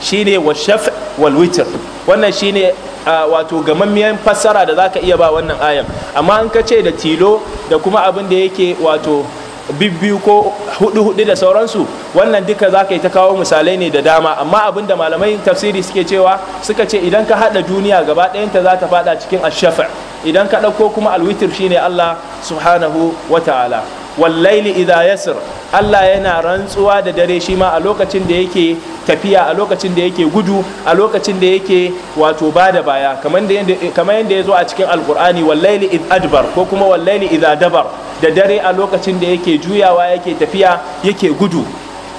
shine wa shaf wal witr wannan shine wato gamammiyar fassara da zaka iya ba wannan ayan amma an ka ce da tilo da kuma abin da yake wato bibbiyu ko hudu hudu da sauransu wannan duka za ka yi ta kawo misalai ne da dama amma abin da malamai tafsiri suke cewa suka ce idan ka hada duniya gaba ɗayanta za ta fada cikin ashafa idan ka ɗauko kuma alwitir shine allah subhanahu wa ta'ala wallaili idha yasir Allah yana rantsuwa da dare shi ma a lokacin da yake tafiya a lokacin da yake gudu a lokacin da yake wato ba da baya kamar yadda ya zo a cikin alkur'ani wallaili id adbar ko kuma wallaili idha dabar da dare a lokacin da yake juyawa yake tafiya yake gudu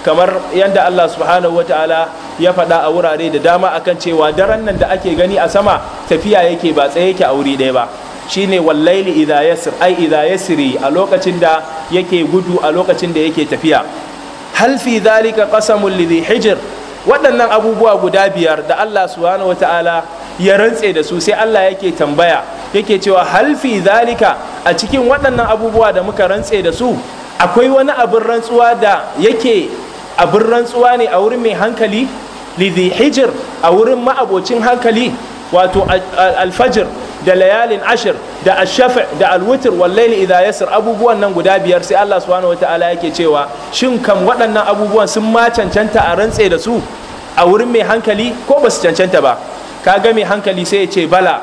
kamar yadda Allah subhanahu wa ta'ala ya faɗa a wurare da dama akan cewa daren nan da ake gani a sama tafiya yake ba tsaye yake a wuri ɗaya ba shine wallaili idha yasir ai idha yasri a lokacin da yake gudu a lokacin da yake tafiya hal fi dhalika qasamul lidhi hijr waɗannan abubuwa guda biyar da Allah subhanahu wata'ala ya rantse da su sai Allah yake tambaya yake cewa hal fi dhalika a cikin waɗannan abubuwa da muka rantse da su akwai wani abin rantsuwa da yake abin rantsuwa ne a wurin mai hankali lidhi hijr a wurin ma'abocin hankali wato alfajir da layalin ashir da ashafi da Alwitir, wallaili idha yasir abubuwan nan guda biyar sai Allah subhanahu wataala yake cewa shin kam waɗannan abubuwan sun ma cancanta a rantse da su a wurin mai hankali ko ba su cancanta ba ka ga mai hankali sai ya ce bala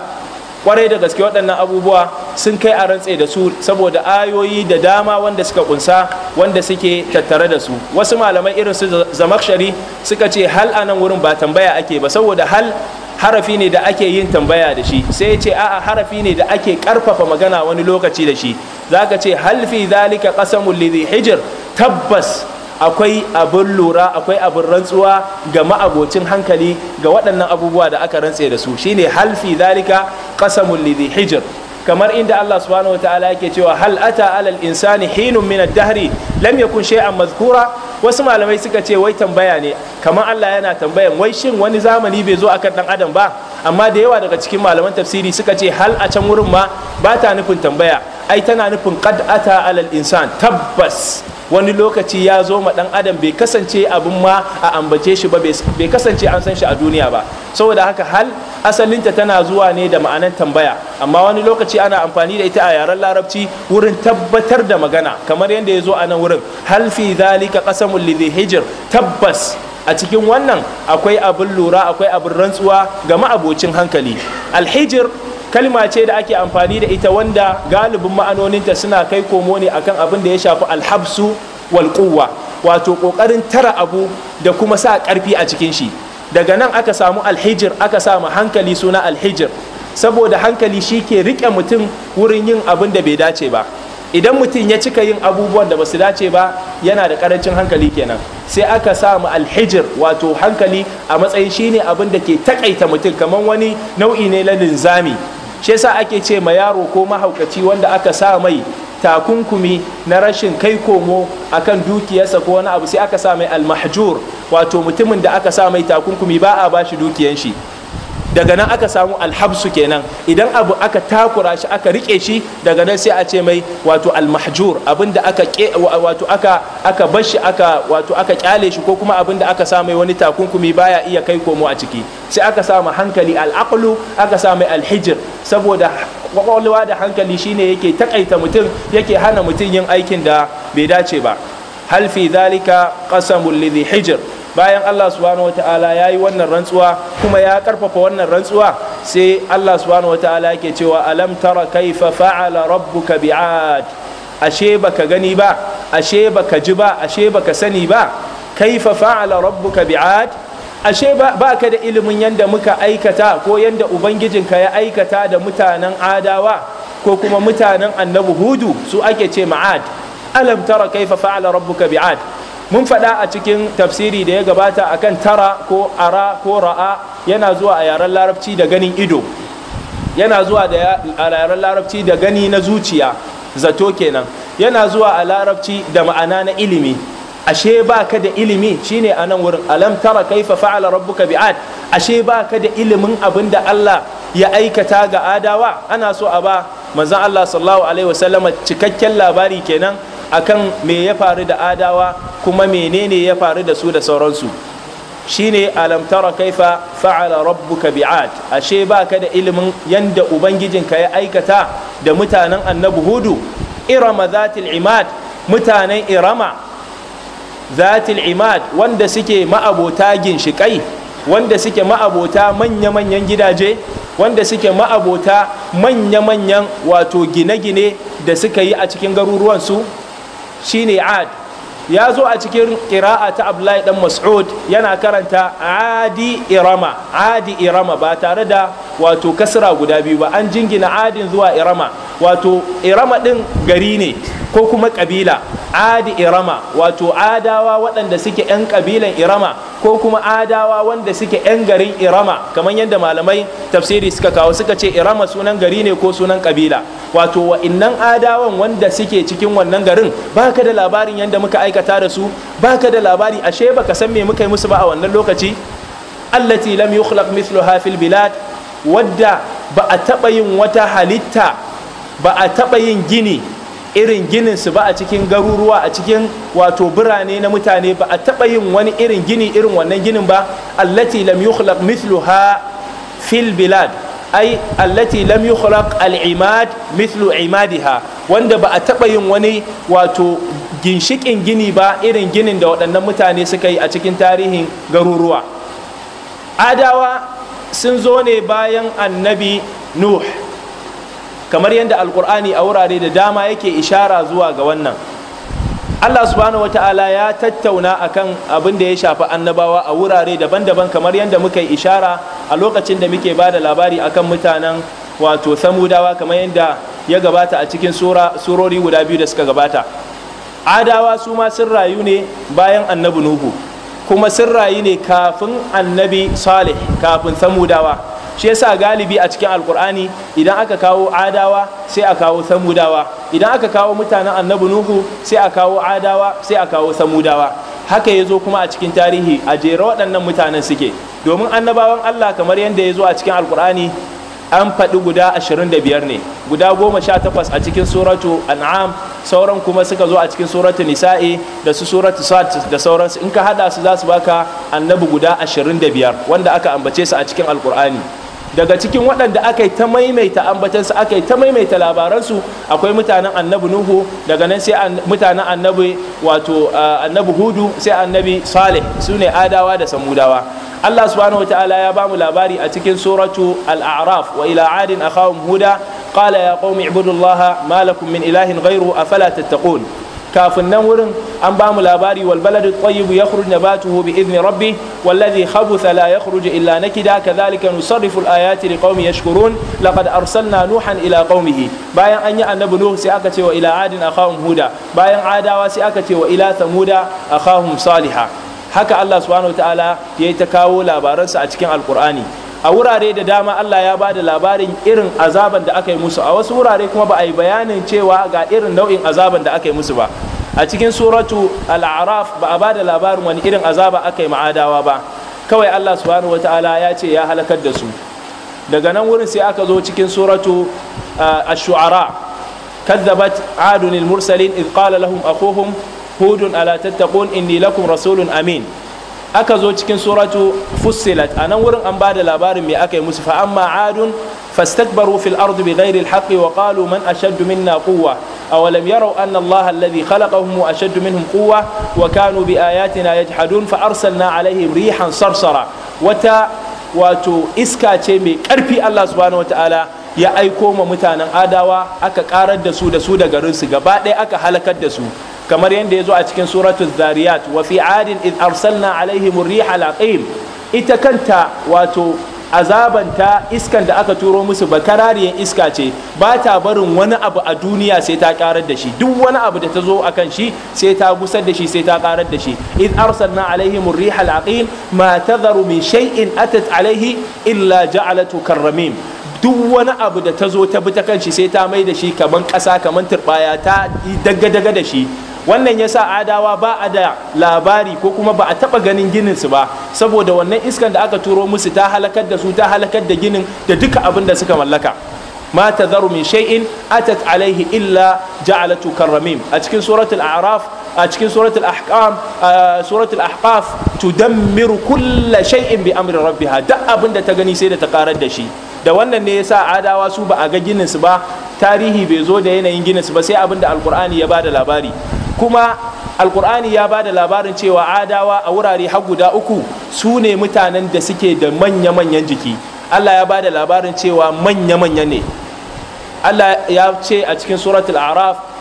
kwarai da gaske waɗannan abubuwa sun kai a rantse da su saboda ayoyi da dama wanda suka kunsa wanda suke tattare da su wasu malamai irin su zamakshari suka ce hal a nan wurin ba tambaya ake ba saboda hal harafi ne da ake yin tambaya da shi sai ce a'a harafi ne da ake karfafa magana wani lokaci da shi zaka ce halfi zalika qasamul lidhi hijr tabbas akwai abin lura akwai abin rantsuwa ga ma'abocin hankali ga waɗannan abubuwa da aka rantse da su shine halfi zalika qasamul lidhi hijr kamar inda Allah subhanahu wa ta'ala yake cewa hal ata alal insani hinun min ad-dahri lam yakun shay'an mazkura wasu malamai suka ce wai tambaya ne kamar Allah yana tambayan wai shin wani zamani bai zo akan dan adam ba amma da yawa daga cikin malaman tafsiri suka ce hal a can wurin ma ba ta nufin tambaya ai tana nufin qad ata alal insan tabbas wani lokaci ya zo ma dan adam bai kasance abin ma a ambace shi ba bai kasance an san shi a duniya ba saboda haka hal asalinta tana zuwa ne da ma'anan tambaya amma wani lokaci ana amfani da ita a yaren larabci wurin tabbatar da magana kamar yadda ya zo a nan wurin hal fi zalika qasamul lidhi hijr tabbas a cikin wannan akwai abin lura akwai abin rantsuwa ga ma'abocin hankali alhijir kalma ce da ake amfani da ita wanda galibin ma'anoninta suna kai komo ne akan abin da ya shafi alhabsu wal quwwa wato kokarin tara abu da kuma sa karfi a cikin shi daga nan aka samu alhijir aka samu hankali suna alhijir saboda hankali shi ke rike mutum wurin yin abin da bai dace ba idan mutum ya cika yin abubuwan da ba su dace ba yana da karancin hankali kenan sai aka samu alhijir wato hankali a matsayin shine abin da ke takaita mutum kamar wani nau'i ne na linzami shi yasa ake ce ma yaro ko mahaukaci wanda aka sa mai takunkumi na rashin kai komo akan dukiyarsa ko wani abu sai aka sa mai almahjur wato mutumin da aka sa mai takunkumi ba a bashi dukiyan shi daga nan aka samu alhabsu kenan idan abu aka takura shi aka rike shi daga nan sai a ce mai wato almahjur abinda aka wato aka aka bashi aka wato aka kyale shi ko kuma abinda aka sa mai wani takunkumi baya iya kai komo a ciki sai aka samu hankali al'aqlu aka sa mai alhijr saboda kwakwalwa da hankali shine yake takaita mutum yake hana mutum yin aikin da bai dace ba hal fi dhalika qasamul lidhi hijr bayan Allah subhanahu wataala ya yi wannan rantsuwa kuma ya karfafa wannan rantsuwa sai Allah subhanahu wataala yake cewa alam tara kaifa fa'ala rabbuka bi'ad ashe baka gani ba ashe baka ji ba ashe baka sani ba kaifa fa'ala rabbuka bi'ad ashe ba ka da ilimin yanda muka aikata ko ubangijin ubangijinka ya aikata da mutanen adawa ko kuma mutanen annabi hudu su ake ce ma'ad alam tara kaifa fa'ala rabbuka bi'ad mun faɗa a cikin tafsiri da ya gabata akan tara ko ara ko ra'a yana zuwa a yaren larabci da ganin ido yana zuwa da a yaren larabci da gani na zuciya zato kenan yana zuwa a larabci da ma'ana na ilimi ashe ba ka da ilimi shine a nan wurin alam tara kaifa fa'ala rabbuka bi'ad ashe ba ka da ilimin abin da Allah ya aikata ga adawa ana so a ba manzon Allah sallallahu alaihi wasallama cikakken labari kenan akan me ya faru da adawa kuma menene ya faru da su da sauransu shine alam tara kaifa fa'ala rabbuka bi'ad ashe baka da ilimin yanda ka ya aikata da mutanen annabi hudu irama zatil imad mutanen irama zatil imad wanda suke ma'abota ginshiƙai wanda suke ma'abota manya-manyan gidaje wanda suke ma'abota manya-manyan wato gine-gine da suka yi a cikin garuruwansu Shi ne ad ya zo a cikin ƙira'a ta abdullahi dan mas'ud yana karanta adi irama adi irama ba tare da wato kasra guda biyu ba an jingina adin zuwa irama wato irama din gari ne ko kuma kabila adi irama wato adawa waɗanda suke 'yan kabilan irama ko kuma adawa wanda suke 'yan garin irama kamar yadda malamai tafsiri suka kawo suka ce irama sunan gari ne ko sunan kabila wato innan adawan wanda suke cikin wannan garin baka da labarin yadda muka aikata da su baka da labari ashe baka san me muka yi musu ba a wannan lokaci allati lam yukhlaq mithluha fil bilad wadda ba a taba yin wata halitta ba a taba yin gini irin ginin su ba a cikin garuruwa a cikin wato birane na mutane ba a taɓa yin wani irin gini irin wannan ginin ba allati lam yukhlaq mithluha fil bilad ai allati lam yukhlaq al imad mithlu imadiha wanda ba a taɓa yin wani wato ginshikin gini ba irin ginin da waɗannan mutane suka yi a cikin tarihin garuruwa adawa sun zo ne bayan annabi nuh kamar yadda alkur'ani a wurare da dama yake ishara zuwa ga wannan Allah subhanahu wata'ala ya tattauna a kan abin da ya shafi annabawa a wurare daban-daban kamar yadda muka yi ishara a lokacin da muke bada labari akan mutanen wato samudawa kamar yadda ya gabata a cikin surori guda biyu da suka gabata adawa su ma sun rayu ne bayan annabi nuhu kuma sun rayu ne kafin annabi salih kafin samudawa shi yasa galibi a cikin alkur'ani idan aka kawo adawa sai a kawo samudawa idan aka kawo mutanen annabi nuhu sai a kawo adawa sai a kawo samudawa haka ya zo kuma a cikin tarihi a jera waɗannan mutanen suke domin annabawan allah kamar yadda ya zo a cikin alkur'ani an faɗi guda da biyar ne guda goma sha takwas a cikin suratu an'am sauran kuma suka zo a cikin suratu nisa'i da su suratu sat da sauransu in ka haɗa su za su baka annabi guda ashirin da biyar. wanda aka ambace su a cikin alkur'ani daga cikin waɗanda aka yi ta maimaita ambatansu aka yi ta maimaita labaransu akwai mutanen annabi nuhu daga nan sai mutanen annabi wato annabi hudu sai annabi salih su ne adawa da samudawa allah subhanahu wataala ya bamu labari a cikin suratu al-a'raf wa ila adin akhahum huda qala ya qaumi ibudullaha ma lakum min ilahin ghairu afala tattaqun kafin nan wurin an ba mu labari wal baladu tayyibu yakhruju nabatuhu bi idni rabbi wallazi khabutha la yakhruju illa nakida kadhalika nusarrifu al ayati liqaumin yashkurun laqad arsalna nuhan ila qaumihi bayan an yi annabi nuh sai aka ce wa ila adin akhahum huda bayan adawa sai aka ce wa ila thamuda akhahum salihah haka Allah subhanahu wataala ya ta kawo labaransa a cikin alkur'ani a wurare da dama Allah ya ba da labarin irin azaban da aka yi musu a wasu wurare kuma ba a yi bayanin cewa ga irin nau'in azaban da aka yi musu ba a cikin suratu al'araf ba a ba da labarin wani irin azaba aka yi ma'adawa ba kawai Allah subhanahu wata'ala ya ce ya halakar da su daga nan wurin sai aka zo cikin suratu uh, ash-shu'ara kadzabat adun al-mursalin id qala lahum akhuhum hudun ala tattaqun inni lakum rasulun amin aka zo cikin suratu fussilat a nan wurin an ba da labarin mai aka yi musu fa amma adun fastakbaru fil ardi bi ghairi alhaqi wa qalu man ashaddu minna quwwa aw lam yaraw anna allaha alladhi khalaqahum ashaddu minhum quwwa wa kanu bi ayatina yajhadun fa arsalna alaihim rihan sarsara wata wato iska ce mai karfi Allah subhanahu wataala ya aiko ma mutanen adawa aka karar da su da su da garinsu gaba ɗaya aka halakar da su kamar yadda ya zo a cikin suratun zariyat wa fi adin id arsalna alaihim riha laqim ita kanta wato azabanta iskan da aka turo musu bakarariyar iska ce ba ta barin wani abu a duniya sai ta karar da shi duk wani abu da ta zo a kan shi sai ta gusar da shi sai ta karar da shi id arsalna alaihimu rihal laqim ma tadharu min shay'in atat alaihi illa ja'alatu karramim duk wani abu da ta zo ta bi ta kan shi sai ta mai da shi kaman ƙasa kaman turɓaya ta daga-daga da shi wannan ya sa adawa ba a da labari ko kuma ba a taɓa ganin gininsu ba saboda wannan iskan da aka turo musu ta halakar da su ta halakar da ginin da duka abin da suka mallaka ma tadharu min shay'in atat alaihi illa ja'alatu karramim a cikin suratul a'raf cikin suratul ahqam suratul ahqaf tudammiru kulla shay'in bi amri rabbiha duk abin da ta gani sai da ta karar da shi da wannan ne yasa adawa su ba a ga ginin su ba tarihi bai zo da yanayin ginin su ba sai abin da alkur'ani ya bada labari kuma alkur'ani ya bada labarin cewa adawa a wurare har guda uku su ne mutanen da suke da manya-manyan jiki allah ya bada labarin cewa manya-manya ne allah ya ce a cikin suratul araf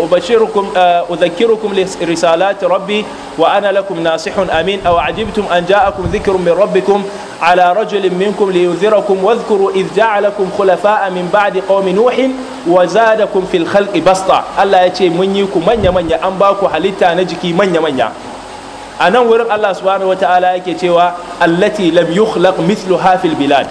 أبشركم أذكركم رسالات ربي وأنا لكم ناصح أمين أو عجبتم أن جاءكم ذكر من ربكم على رجل منكم لينذركم واذكروا إذ جعلكم خلفاء من بعد قوم نوح وزادكم في الخلق بسطة الله يتي من يكم من يمن أنباكم حلتا نجكي من يمن a nan wurin allah subhanahu wa ta'ala yake cewa allati lam yukhlaq mithluha fil bilad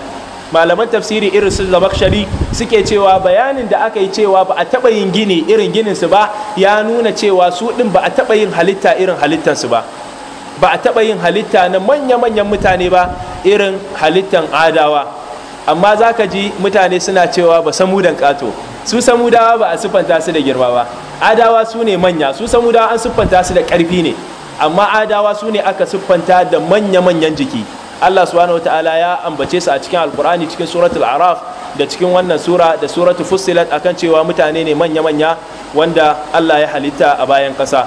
malaman tafsiri irin su zamakshari suke cewa bayanin da aka yi cewa ba a taɓa yin gini irin ginin su ba ya nuna cewa su ɗin ba a taɓa yin halitta irin halittan su ba ba a taɓa yin halitta na manya-manyan mutane ba irin halittan adawa amma za ka ji mutane suna cewa ba samudan ƙato su samudawa ba a siffanta su da girma ba adawa su ne manya su samudawa an siffanta su da ƙarfi ne amma adawa su ne aka siffanta da manya-manyan jiki Allah subhanahu ya ambace su a cikin alkur'ani cikin suratul araf da cikin wannan sura da suratul fussilat akan cewa mutane ne manya-manya wanda Allah ya halitta a bayan ƙasa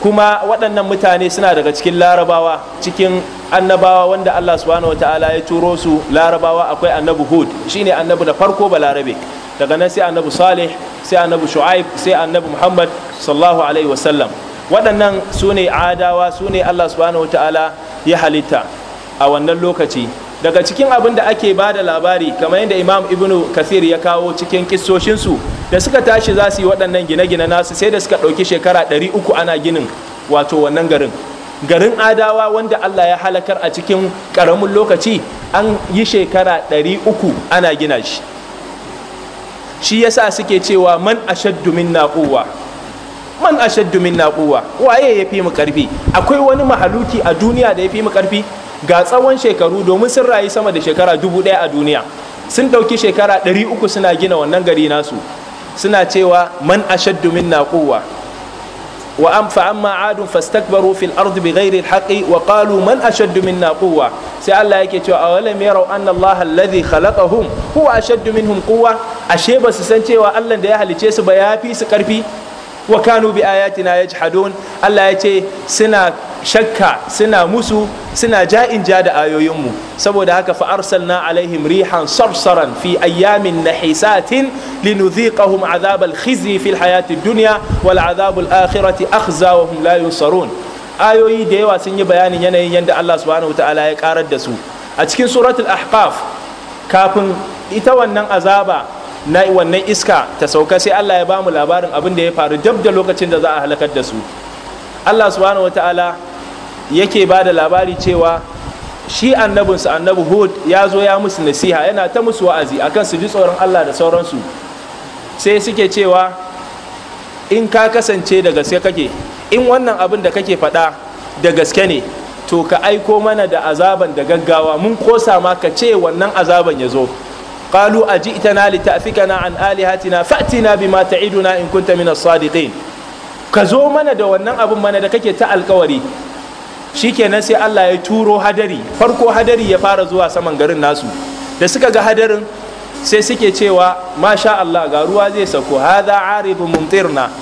kuma waɗannan mutane suna daga cikin larabawa cikin annabawa wanda Allah subhanahu ya turo su larabawa akwai annabi hud shine annabi da farko balarabe daga nan sai annabi salih sai annabi shu'aib sai annabi muhammad sallallahu alaihi wasallam waɗannan su ne adawa su ne Allah subhanahu ya halitta a wannan lokaci daga cikin abin da ake ba da labari kamar yadda imam ibnu kasir ya kawo cikin kissoshinsu da suka tashi za su yi waɗannan gine-gine nasu sai da suka ɗauki shekara 300 ana ginin wato wannan garin garin adawa wanda allah ya halakar a cikin ƙaramin lokaci an yi shekara 300 ana gina shi shi yasa suke cewa man ashaddu min quwwa man ashaddu min quwwa waye ya fi mu karfi akwai wani mahaluki a duniya da ya fi mu karfi ga tsawon shekaru domin sun rayu sama da shekara dubu ɗaya a duniya sun ɗauki shekara ɗari uku suna gina wannan gari nasu suna cewa man ashaddu minna quwwa wa am fa amma adun fastakbaru fil ardi bighairi alhaqi wa qalu man ashaddu minna quwwa sai Allah yake cewa awalam yarau anna Allah alladhi khalaqahum huwa ashaddu minhum quwwa ashe basu san cewa Allah da ya halice su ba ya fi su karfi wa kanu bi ayatina yajhadun Allah ya ce suna shakka suna musu suna ja'in ja da mu. saboda haka fa arsalna alaihim rihan sarsaran fi ayyamin nahisatin linudhiqahum azab al-khizi fil hayati duniya wal azab al-akhirati akhza wa hum ayoyi da yawa sun yi bayanin yanayin yadda Allah subhanahu ta'ala ya karar da su a cikin suratul ahkaf kafin ita wannan azaba na wannan iska ta sauka sai Allah ya bamu labarin abin da ya faru dab da lokacin da za a halakar da su Allah subhanahu wataala yake ba da labari cewa shi annabinsu annabi hud ya zo ya musu nasiha yana ta musu wa'azi akan su ji tsoron Allah da sauransu sai suke cewa in ka kasance da gaske kake in wannan abin da kake faɗa da gaske ne to ka aiko mana da azaban da gaggawa mun kosa ma ka ce wannan azaban ya zo قالوا أجئتنا لتأفكنا عن آلهتنا فأتنا بما تعدنا إن كنت من الصادقين كزو mana da wannan abun mana da kake ta alkawari shikenan sai Allah ya turo hadari farko hadari ya fara zuwa saman garin nasu da suka ga hadarin sai suke cewa masha Allah ga ruwa zai sako hadha aridun mumtirna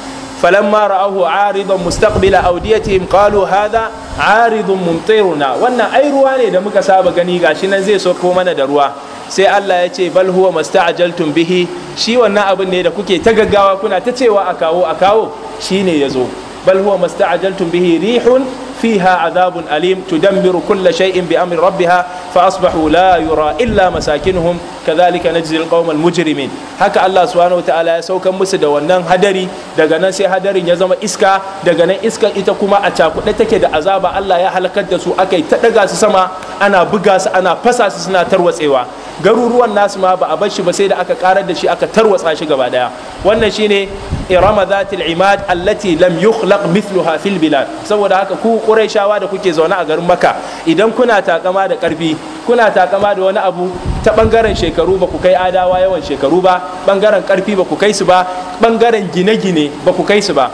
falamma ra'ahu aridan mustaqbila awdiyatihim qalu hadha aridun mumtiruna wannan ai ruwa ne da muka saba gani gashi nan zai sako mana da ruwa sai Allah ya ce bal huwa masta'ajaltum bihi shi wannan abin ne da kuke ta gaggawa kuna ta cewa a kawo a kawo shine yazo bal huwa masta'ajaltum bihi rihun fiha azabun alim tudammiru kulla shay'in bi amri rabbiha fa asbahu la yura illa masakinuhum kadhalika najzi alqawma almujrimin haka Allah subhanahu wataala ya sauka musu da wannan hadari daga nan sai hadarin ya zama iska daga nan iskar ita kuma a cakuɗe take da azaba Allah ya halakar da su akai ta daga su sama ana buga su ana fasa su suna tarwatsewa garuruwan nasu ma ba a bar shi ba sai da aka karar da shi aka tarwatsa shi gaba daya wannan shine irama zatil imad allati lam yukhlaq mithluha fil bilad saboda haka ku quraishawa da kuke zaune a garin makka idan kuna takama da karfi kuna takama da wani abu ta bangaren shekaru ba ku kai adawa yawan shekaru ba bangaren karfi ba ku kai su ba bangaren gine-gine ba ku kai su ba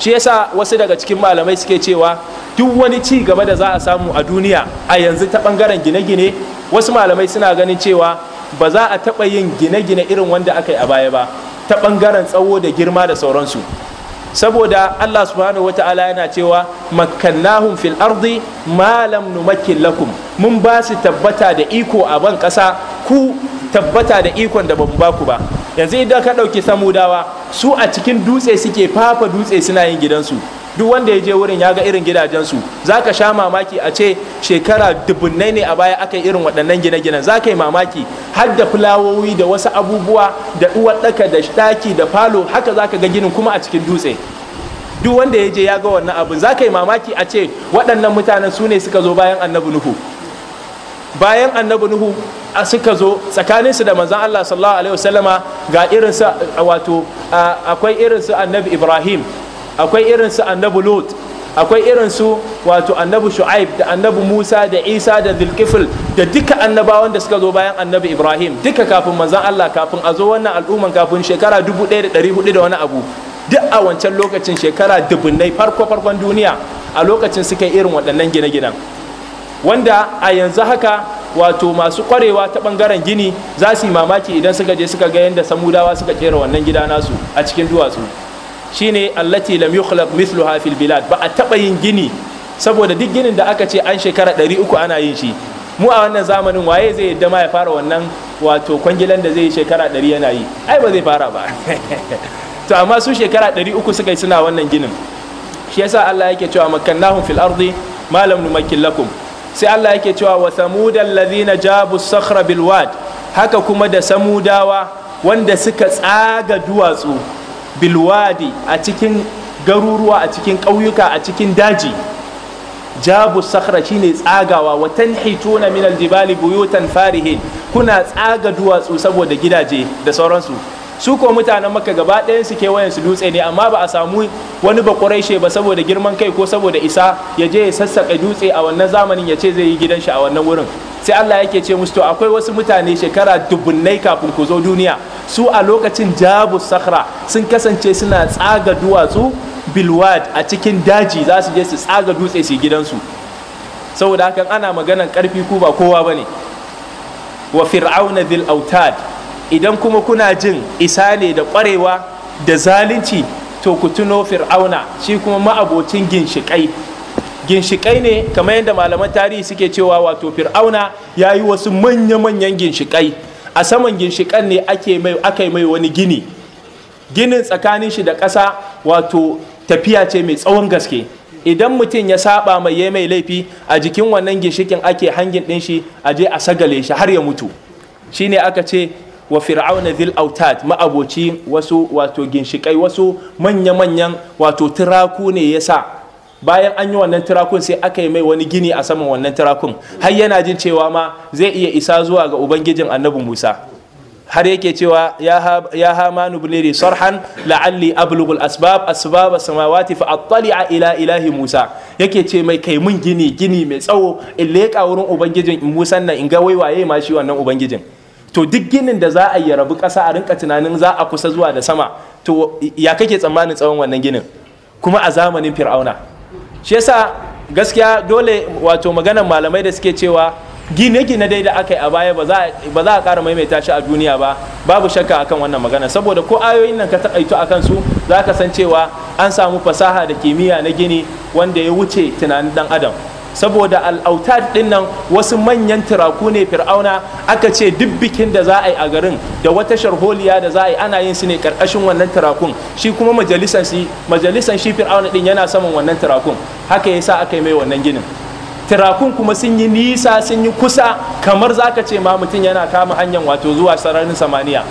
shi yasa wasu daga cikin malamai suke cewa duk wani ci gaba da za a samu a duniya a yanzu ta bangaren gine-gine wasu malamai suna ganin cewa ba za a taɓa yin gine-gine irin wanda aka yi a baya ba ta bangaren tsawo da girma da sauransu saboda Allah subhanahu wa ta'ala yana cewa makannahum fil ardi ma lam numakkin lakum mun ba su tabbata da iko a ban kasa ku tabbata da ikon da bamu baku ba yanzu idan ka ɗauki samudawa su a cikin dutse suke fafa dutse suna yin gidansu duk wanda ya je wurin ya ga irin gidajensu za ka sha mamaki a ce shekara dubunnai ne a baya aka yi irin waɗannan gine gine za ka yi mamaki har da fulawowi da wasu abubuwa da uwarɗaka da ɗaki da falo haka za ka ga ginin kuma a cikin dutse duk wanda ya je ya ga wannan abin za ka yi mamaki a ce waɗannan mutanen su ne suka zo bayan annabi nuhu bayan annabi nuhu a suka zo tsakaninsu da manzan allah sallallahu alaihi wasallama ga irinsu wato akwai irinsu annabi ibrahim akwai irinsu annabi lot akwai irinsu wato annabi shu'aib da annabi musa da isa da zulkifil da duka annabawan da suka zo bayan annabi ibrahim duka kafin manzan allah kafin a zo wannan al'umman kafin shekara 1400 da wani abu duk a wancan lokacin shekara dubunnai farko farkon duniya a lokacin suka yi irin waɗannan gine-ginen wanda a yanzu haka wato masu kwarewa ta bangaren gini za su yi mamaki idan suka je suka ga yadda samudawa suka kera wannan gida nasu a cikin duwatsu shine allati lam yukhlaq mithluha fil bilad ba a taba yin gini saboda duk ginin da aka ce an shekara 300 ana yin shi mu a wannan zamanin waye zai yadda ma ya fara wannan wato kwangilan da zai yi shekara 100 yana yi ai ba zai fara ba to amma su shekara 300 suka yi suna wannan ginin shi yasa Allah yake cewa makkannahum fil ardi ma lam numakkil lakum sai Allah yake cewa wa samudan ladhina jabu sakhra bil wad haka kuma da samudawa wanda suka tsaga duwatsu bil wadi a cikin garuruwa a cikin ƙauyuka a cikin daji jabu sakhra shine tsagawa wa tanhituna min al jibali buyutan farihin kuna tsaga duwatsu saboda gidaje da sauransu su ko mutanen Makka gaba ɗayan su ke kewayen su dutse ne amma ba a samu wani ba ƙuraishe ba saboda girman kai ko saboda isa ya je ya sassaƙa dutse a wannan zamanin ya ce zai yi gidan shi a wannan wurin sai Allah yake ce musu to akwai wasu mutane shekara dubunnai kafin ku zo duniya su a lokacin jabu sakra sun kasance suna tsaga duwatsu bilwad a cikin daji za su je su tsaga dutse su gidansu saboda hakan ana maganan karfi ku ba kowa bane wa fir'auna dhil autad idan kuma kuna jin isa ne da ƙwarewa da zalunci to ku tuno fir'auna shi kuma ma'abocin ginshiƙai ginshiƙai ne kamar yadda malaman tarihi suke cewa wato fir'auna ya yi wasu manya-manyan ginshiƙai a saman ginshiƙan ne aka mai wani gini ginin tsakanin shi da ƙasa wato tafiya ce mai tsawon gaske idan mutum ya saba mai ya mai laifi a jikin wannan ginshikin ake hangin ɗin shi a je a sagale shi har ya mutu Shi ne aka ce wa fir'auna zil autad ma'aboci wasu wato ginshikai wasu manya-manyan wato turaku ne ya sa bayan an yi wannan turakun sai aka yi mai wani gini a saman wannan turakun har yana jin cewa ma zai iya isa zuwa ga ubangijin annabi musa har yake cewa ya hamanu buliri sarhan la'alli ablughul asbab asbab samawati fa attali'a ila ilahi musa yake ce mai kai mun gini gini mai tsawo in leƙa wurin ubangijin musan nan in ga waiwaye ma shi wannan ubangijin to duk ginin da za a yi rabu ƙasa a rinka tunanin za a kusa zuwa da sama to ya kake tsammanin tsawon wannan ginin kuma a zamanin fir'auna shi yasa gaskiya dole wato maganar malamai da suke cewa gine-gine dai da aka yi a baya ba za a ƙara maimaita shi a duniya ba babu shakka akan wannan magana saboda ko ayoyin nan ka taƙaito a kansu za ka san cewa an samu fasaha da kimiyya na gini wanda ya wuce tunanin ɗan adam saboda al'autar ɗin nan wasu manyan turaku ne fir'auna aka ce duk bikin da za a yi a garin da wata sharholiya da za a yi ana yin su ne karkashin wannan turakun shi kuma majalisan shi majalisan shi fir'auna din yana saman wannan turakun haka yasa aka yi mai wannan ginin turakun kuma sun yi nisa sun yi kusa kamar zaka ce ma mutum yana kama hanyar wato zuwa sararin samaniya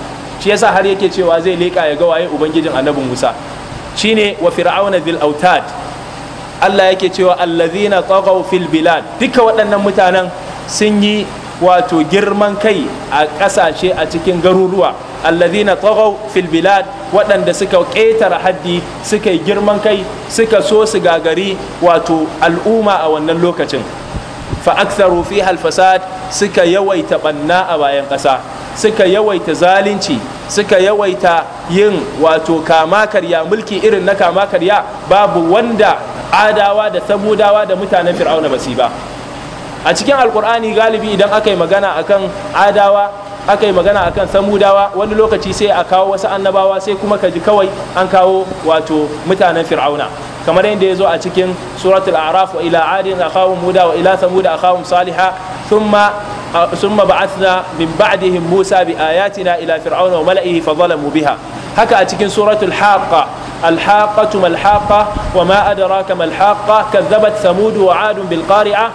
shi yasa har yake cewa zai leƙa ya ga waye ubangijin annabin musa shine wa fir'auna dil autad Allah yake cewa allazina taghaw fil bilad duka waɗannan mutanen sun yi wato girman kai a ƙasashe a cikin garuruwa allazina taghaw fil bilad waɗanda suka ƙetare haddi suka yi girman kai suka so su gagari wato al'umma a wannan lokacin fa aktharu fiha al-fasad suka yawaita banna a bayan ƙasa suka yawaita zalunci suka yawaita yin wato kama karya mulki irin na kama karya babu wanda adawa da samudawa da mutanen fir'auna ba su ba a cikin alkur'ani galibi idan aka yi magana akan adawa aka yi magana akan samudawa wani lokaci sai a kawo wasu annabawa sai kuma ka ji kawai an kawo wato mutanen fir'auna kamar yadda ya zo a cikin suratul araf wa ila adin akhahum huda wa ila thamud akhahum saliha thumma thumma ba'athna min ba'dihim musa bi ayatina ila fir'auna wa mala'ihi fa zalamu biha haka a cikin suratul haqa الحاقة ما الحاقة وما أدراك ما الحاقة كذبت ثمود وعاد بالقارعة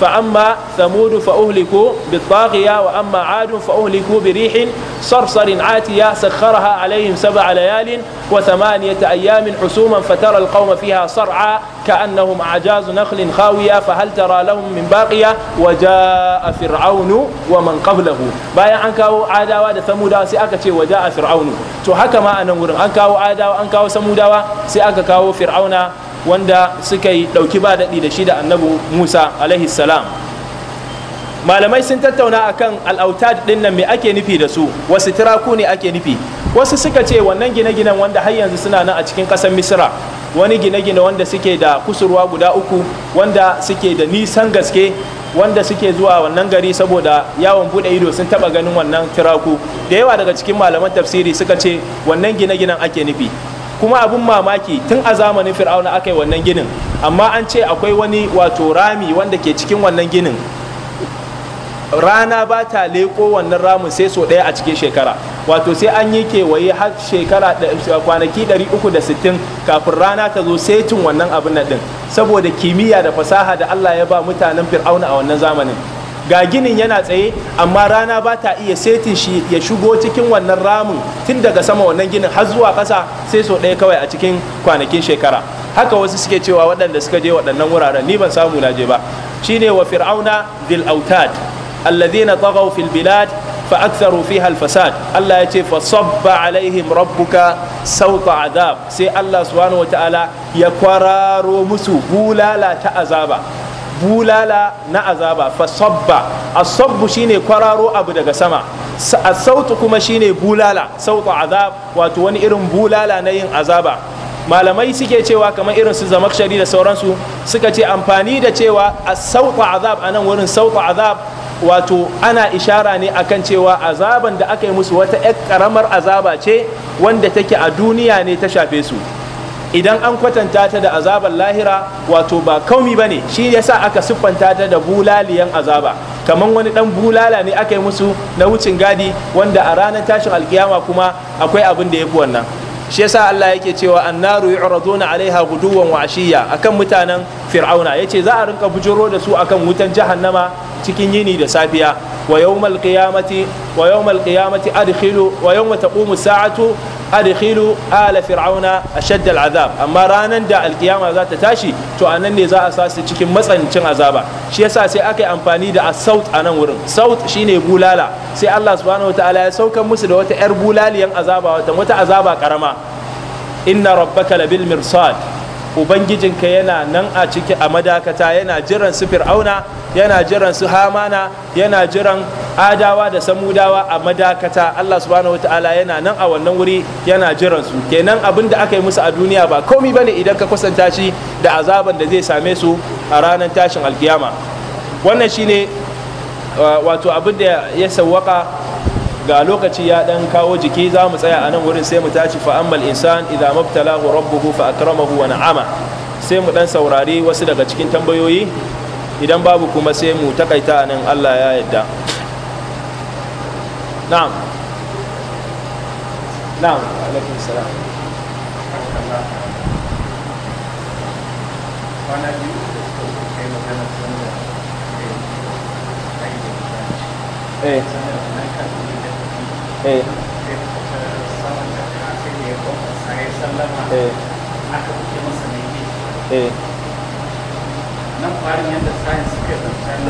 فأما ثمود فأهلكوا بالطاغية وأما عاد فأهلكوا بريح صرصر عاتية سخرها عليهم سبع ليال وثمانية أيام حسوما فترى القوم فيها صرعى كأنهم أعجاز نخل خاوية فهل ترى لهم من باقية وجاء فرعون ومن قبله بايا أنكاو عاداوا دا ثمودا سيأكا وجاء فرعون تو هكما أنا أنكاو عاداوا أنكاو ثمودا سيأكا كاو فرعون wanda suka yi ɗauki ba daɗi da shi da annabi musa alaihi salam malamai sun tattauna akan al'autad ɗin nan me ake nufi da su wasu tiraku ne ake nufi wasu suka ce wannan gine-ginen wanda har yanzu suna nan a cikin ƙasar misira wani gine-gine wanda suke da kusurwa guda uku wanda suke da nisan gaske wanda suke zuwa wannan gari saboda yawon bude ido sun taɓa ganin wannan tiraku da yawa daga cikin malaman tafsiri suka ce wannan gine-ginen ake nufi kuma abin mamaki tun a zamanin fir'auna aka yi wannan ginin amma an ce akwai wani wato rami wanda ke cikin wannan ginin rana ba ta leko wannan ramin sai so ɗaya a cikin shekara wato sai an yi kewaye har shekara kwanaki 360 kafin rana ta zo setin wannan abin nan din saboda kimiyya da fasaha da allah ya ba mutanen fir'auna a wannan zamanin ga ginin yana tsaye amma rana ba ta iya setin shi ya shigo cikin wannan ramin tun daga sama wannan ginin har zuwa ƙasa sai so ɗaya kawai a cikin kwanakin shekara haka wasu suke cewa waɗanda suka je waɗannan wuraren ni ban samu na je ba shine wa fir'auna dil autad alladhina taghaw fil bilad fa aktharu fiha al fasad Allah ya ce fa sabba alaihim rabbuka sauta adab sai Allah subhanahu wataala ya kwararo musu bulala ta azaba bulala na azaba fa sabba asabbu shine kwararo abu daga sama sautu kuma shine bulala sautu azab wato wani irin bulala na yin azaba malamai suke cewa kamar irin su zamakshari da sauransu suka ce amfani da cewa a sauta azab a nan wurin sauta azab wato ana ishara ne akan cewa azaban da aka yi musu wata 'yar karamar azaba ce wanda take a duniya ne ta shafe su idan an kwatanta ta da azabar lahira wato ba kaumi ba ne shi yasa aka siffanta ta da bulaliyan azaba kamar wani dan bulala ne aka yi musu na wucin gadi wanda a ranar tashin alkiyama kuma akwai abin da ya fi wannan shi yasa Allah yake cewa annaru yu'raduna alaiha guduwan wa ashiya akan mutanen fir'auna ya ce za a rinka bujuro da su akan wutan jahannama cikin yini da safiya wa yawmal qiyamati wa yawmal qiyamati adkhilu wa yawma taqumu sa'atu adkhilu ala fir'auna ashadda al'azab amma ranan da alkiyama za ta tashi to anan ne za a sa su cikin matsancin azaba shi yasa sai aka yi amfani da asaut a nan wurin saut shine bulala sai Allah subhanahu wataala ya sauka musu da wata yar bulaliyan azaba wata wata azaba karama inna rabbaka labil mirsad ubangijinka yana nan a ciki a madakata yana jiran su fir'auna yana jiran su hamana yana jiran adawa da samudawa a madakata allah subhanahu wa ta'ala yana nan a wannan wuri yana jiran su kenan abin da aka yi musu a duniya ba komi bane idan ka kusanta shi da azaban da zai same su a ranar tashin alkiyama wannan shine uh, wato abin da ya sawwaka ga lokaci ya dan kawo jiki za mu tsaya a nan wurin sai mu tashi fa ammal insan idza mabtalahu rabbuhu fa akramahu wa na'ama sai mu dan saurari wasu daga cikin tambayoyi idan babu kuma sai mu takaita nan Allah ya yadda na'am na'am alaikum salam Eh. biyu da suka Eh. Eh. Eh. eh eh eh nan farin yadda science suke zancen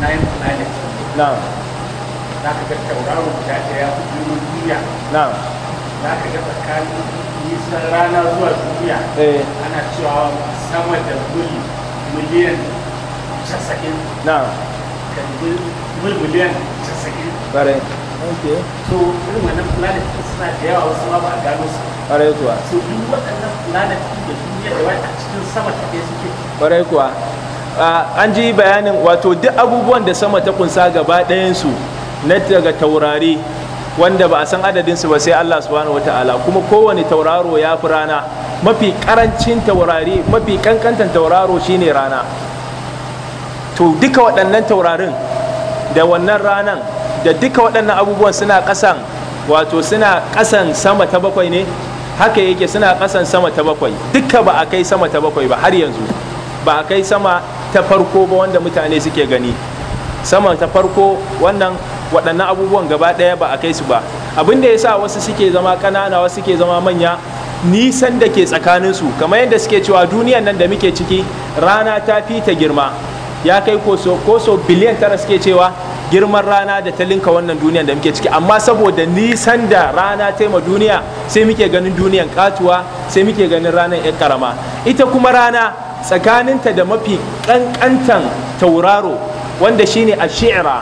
nine planets za ka ga tauraro guda ɗaya ya fi duniya za ka ga tsakanin nisan rana zuwa duniya eh. ana cewa sama da mil miliyan casa'in na. mil miliyan casa'in bare okay so irin wannan planet suna da yawa wasu ma ba a gano su ƙwarai kuwa so duk waɗannan planet da duniya da wani a cikin sama ta suke ƙwarai kuwa an ji bayanin wato duk abubuwan da sama ta kunsa gaba ɗayansu na daga taurari wanda ba a san adadinsu ba sai Allah subhanahu ta'ala kuma kowane tauraro ya fi rana mafi karancin taurari mafi kankantan tauraro shine rana to duka waɗannan taurarin da wannan ranan da duka waɗannan abubuwan suna ƙasan wato suna ƙasan sama ta bakwai ne haka yake suna ƙasan sama ta bakwai duka ba a kai sama ta bakwai ba har yanzu ba a kai sama ta farko ba wanda mutane suke gani sama ta farko wannan waɗannan abubuwan gaba ɗaya ba a kai su ba abin da ya sa wasu suke zama ƙanana wasu suke zama manya nisan da ke su kamar yadda suke cewa duniyan nan da muke ciki rana ta fi ta girma ya kai koso koso biliyan tara suke cewa girman rana da ta linka wannan duniyan da muke ciki amma saboda nisan da rana ta ma duniya sai muke ganin duniyan katuwa sai muke ganin ranar 'yan karama ita kuma rana tsakaninta da mafi ƙanƙantan tauraro wanda shine a shi'ira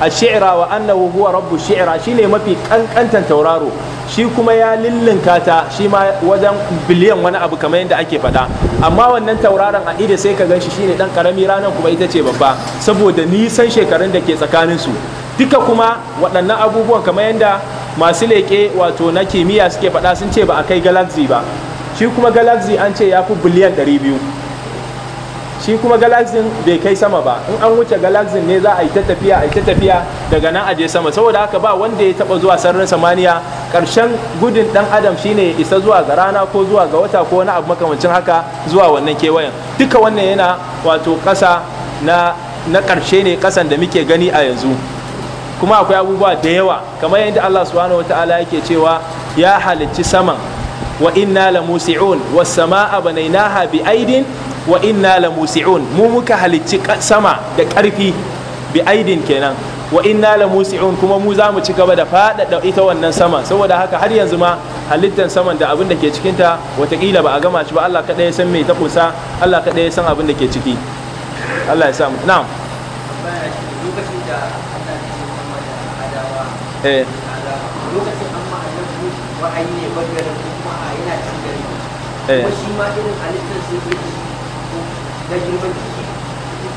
a shi'ira wa annahu huwa rabbu shi'ira shine mafi ƙanƙantan tauraro shi kuma ya lillinka ta shi ma wajen biliyan wani abu kamar yadda ake faɗa amma wannan tauraron a ida sai ka gan shi shine ɗan ƙarami ranar kuma ita ce babba saboda nisan shekarun da ke tsakanin su duka kuma waɗannan abubuwan kamar yadda masu leƙe wato na kimiyya suke faɗa sun ce ba a kai galaxy ba shi kuma galaxy an ce ya fi biliyan 200 shi kuma galaxin bai kai sama ba in an wuce galaxin ne za a yi ta tafiya a yi ta tafiya daga nan a je sama saboda haka ba wanda ya taba zuwa sararin samaniya karshen gudun dan adam shine ya isa zuwa ga rana ko zuwa ga wata ko wani abu makamancin haka zuwa wannan kewayen duka wannan yana wato kasa na na karshe ne kasan da muke gani a yanzu kuma akwai abubuwa da yawa kamar yadda Allah subhanahu wataala yake cewa ya halicci saman wa inna la musi'un wa sama'a banainaha bi aidin wa inna la musi'un mu muka halicci sama da karfi bi aidin kenan wa inna la musi'un kuma mu za mu ci gaba da faɗaɗa ita wannan sama saboda haka har yanzu ma halittan saman da abin da ke cikinta watakila ba a gama shi ba Allah kaɗai ya san mai ta kusa Allah kaɗai ya san abin da ke ciki Allah ya sa mu na'am lokacin da Allah ya ce da adawa eh lokacin amma annabi wa'ayi ne Eh. kuma shi ma irin halittar na eh, hudan jiki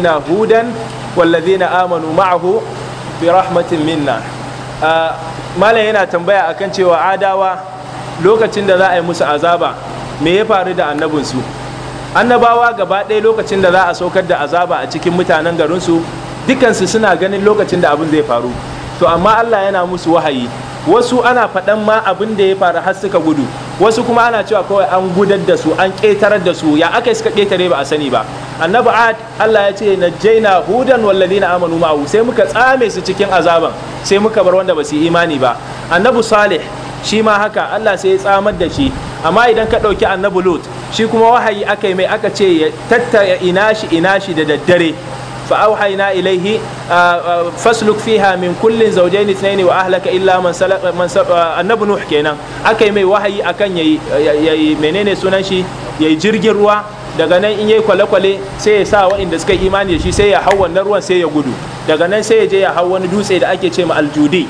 na amruna hudan amanu ma'ahu bi rahmatin minna malam yana tambaya akan cewa adawa lokacin da za a yi musu azaba me ya faru da annabinsu annabawa gaba ɗaya lokacin da za a saukar da azaba a cikin mutanen garinsu dukansu suna ganin lokacin da abin zai faru to amma allah yana musu wahayi wasu ana faɗan ma abin da ya faru har suka gudu wasu kuma ana cewa kawai an gudar da su an ƙetarar da su ya aka suka ƙetare ba a sani ba annabi ad Allah ya ce najjaina hudan walladina amanu ma'ahu sai muka tsame su cikin azaban sai muka bar wanda ba su imani ba annabi salih shi ma haka Allah sai ya tsamar da shi amma idan ka ɗauki annabi lut shi kuma wahayi aka yi mai aka ce ya tattara ina shi ina shi da daddare فأوحينا auhaina فاسلك فيها من كل زوجين اثنين وأهلك إلا من سلك annabi nuh kenan aka yi mai wahayi akan yayi yayi menene sunan shi yayi jirgin ruwa daga nan in yayi kwale-kwale sai ya sa waɗanda suka imani da shi sai ya hau wannan ruwan sai ya gudu daga nan sai ya je ya hau wani dutse da ake ce ma aljudi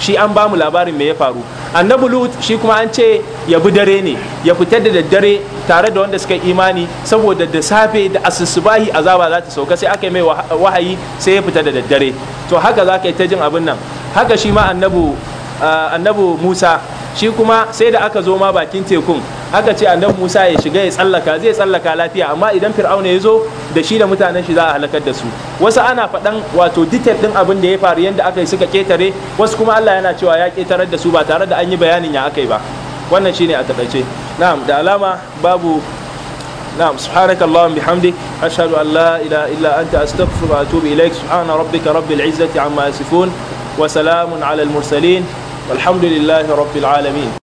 shi an ba mu labarin me ya faru annabi lut shi kuma an ce ya bi dare ne ya fitar da daddare tare da wanda suka imani saboda da safe da asusubahi azaba za ta sauka sai aka yi mai wahayi sai ya fita da daddare to haka za ka yi ta jin abin nan haka shi ma annabu musa shi kuma sai da aka zo ma bakin tekun aka ce annabi Musa ya shiga ya tsallaka zai tsallaka lafiya amma idan Fir'auna ya zo da shi da mutanen shi za a halakar da su wasu ana faɗan wato detail din abin da ya faru yadda aka yi suka ketare wasu kuma Allah yana cewa ya ketarar da su ba tare da an yi bayanin ya aka yi ba wannan shine a takaice na'am da alama babu na'am subhanaka allahumma bihamdik ashhadu an la ilaha illa anta astaghfiruka wa atubu ilaik subhana rabbika rabbil izzati amma yasifun wa salamun ala al mursalin والحمد لله رب العالمين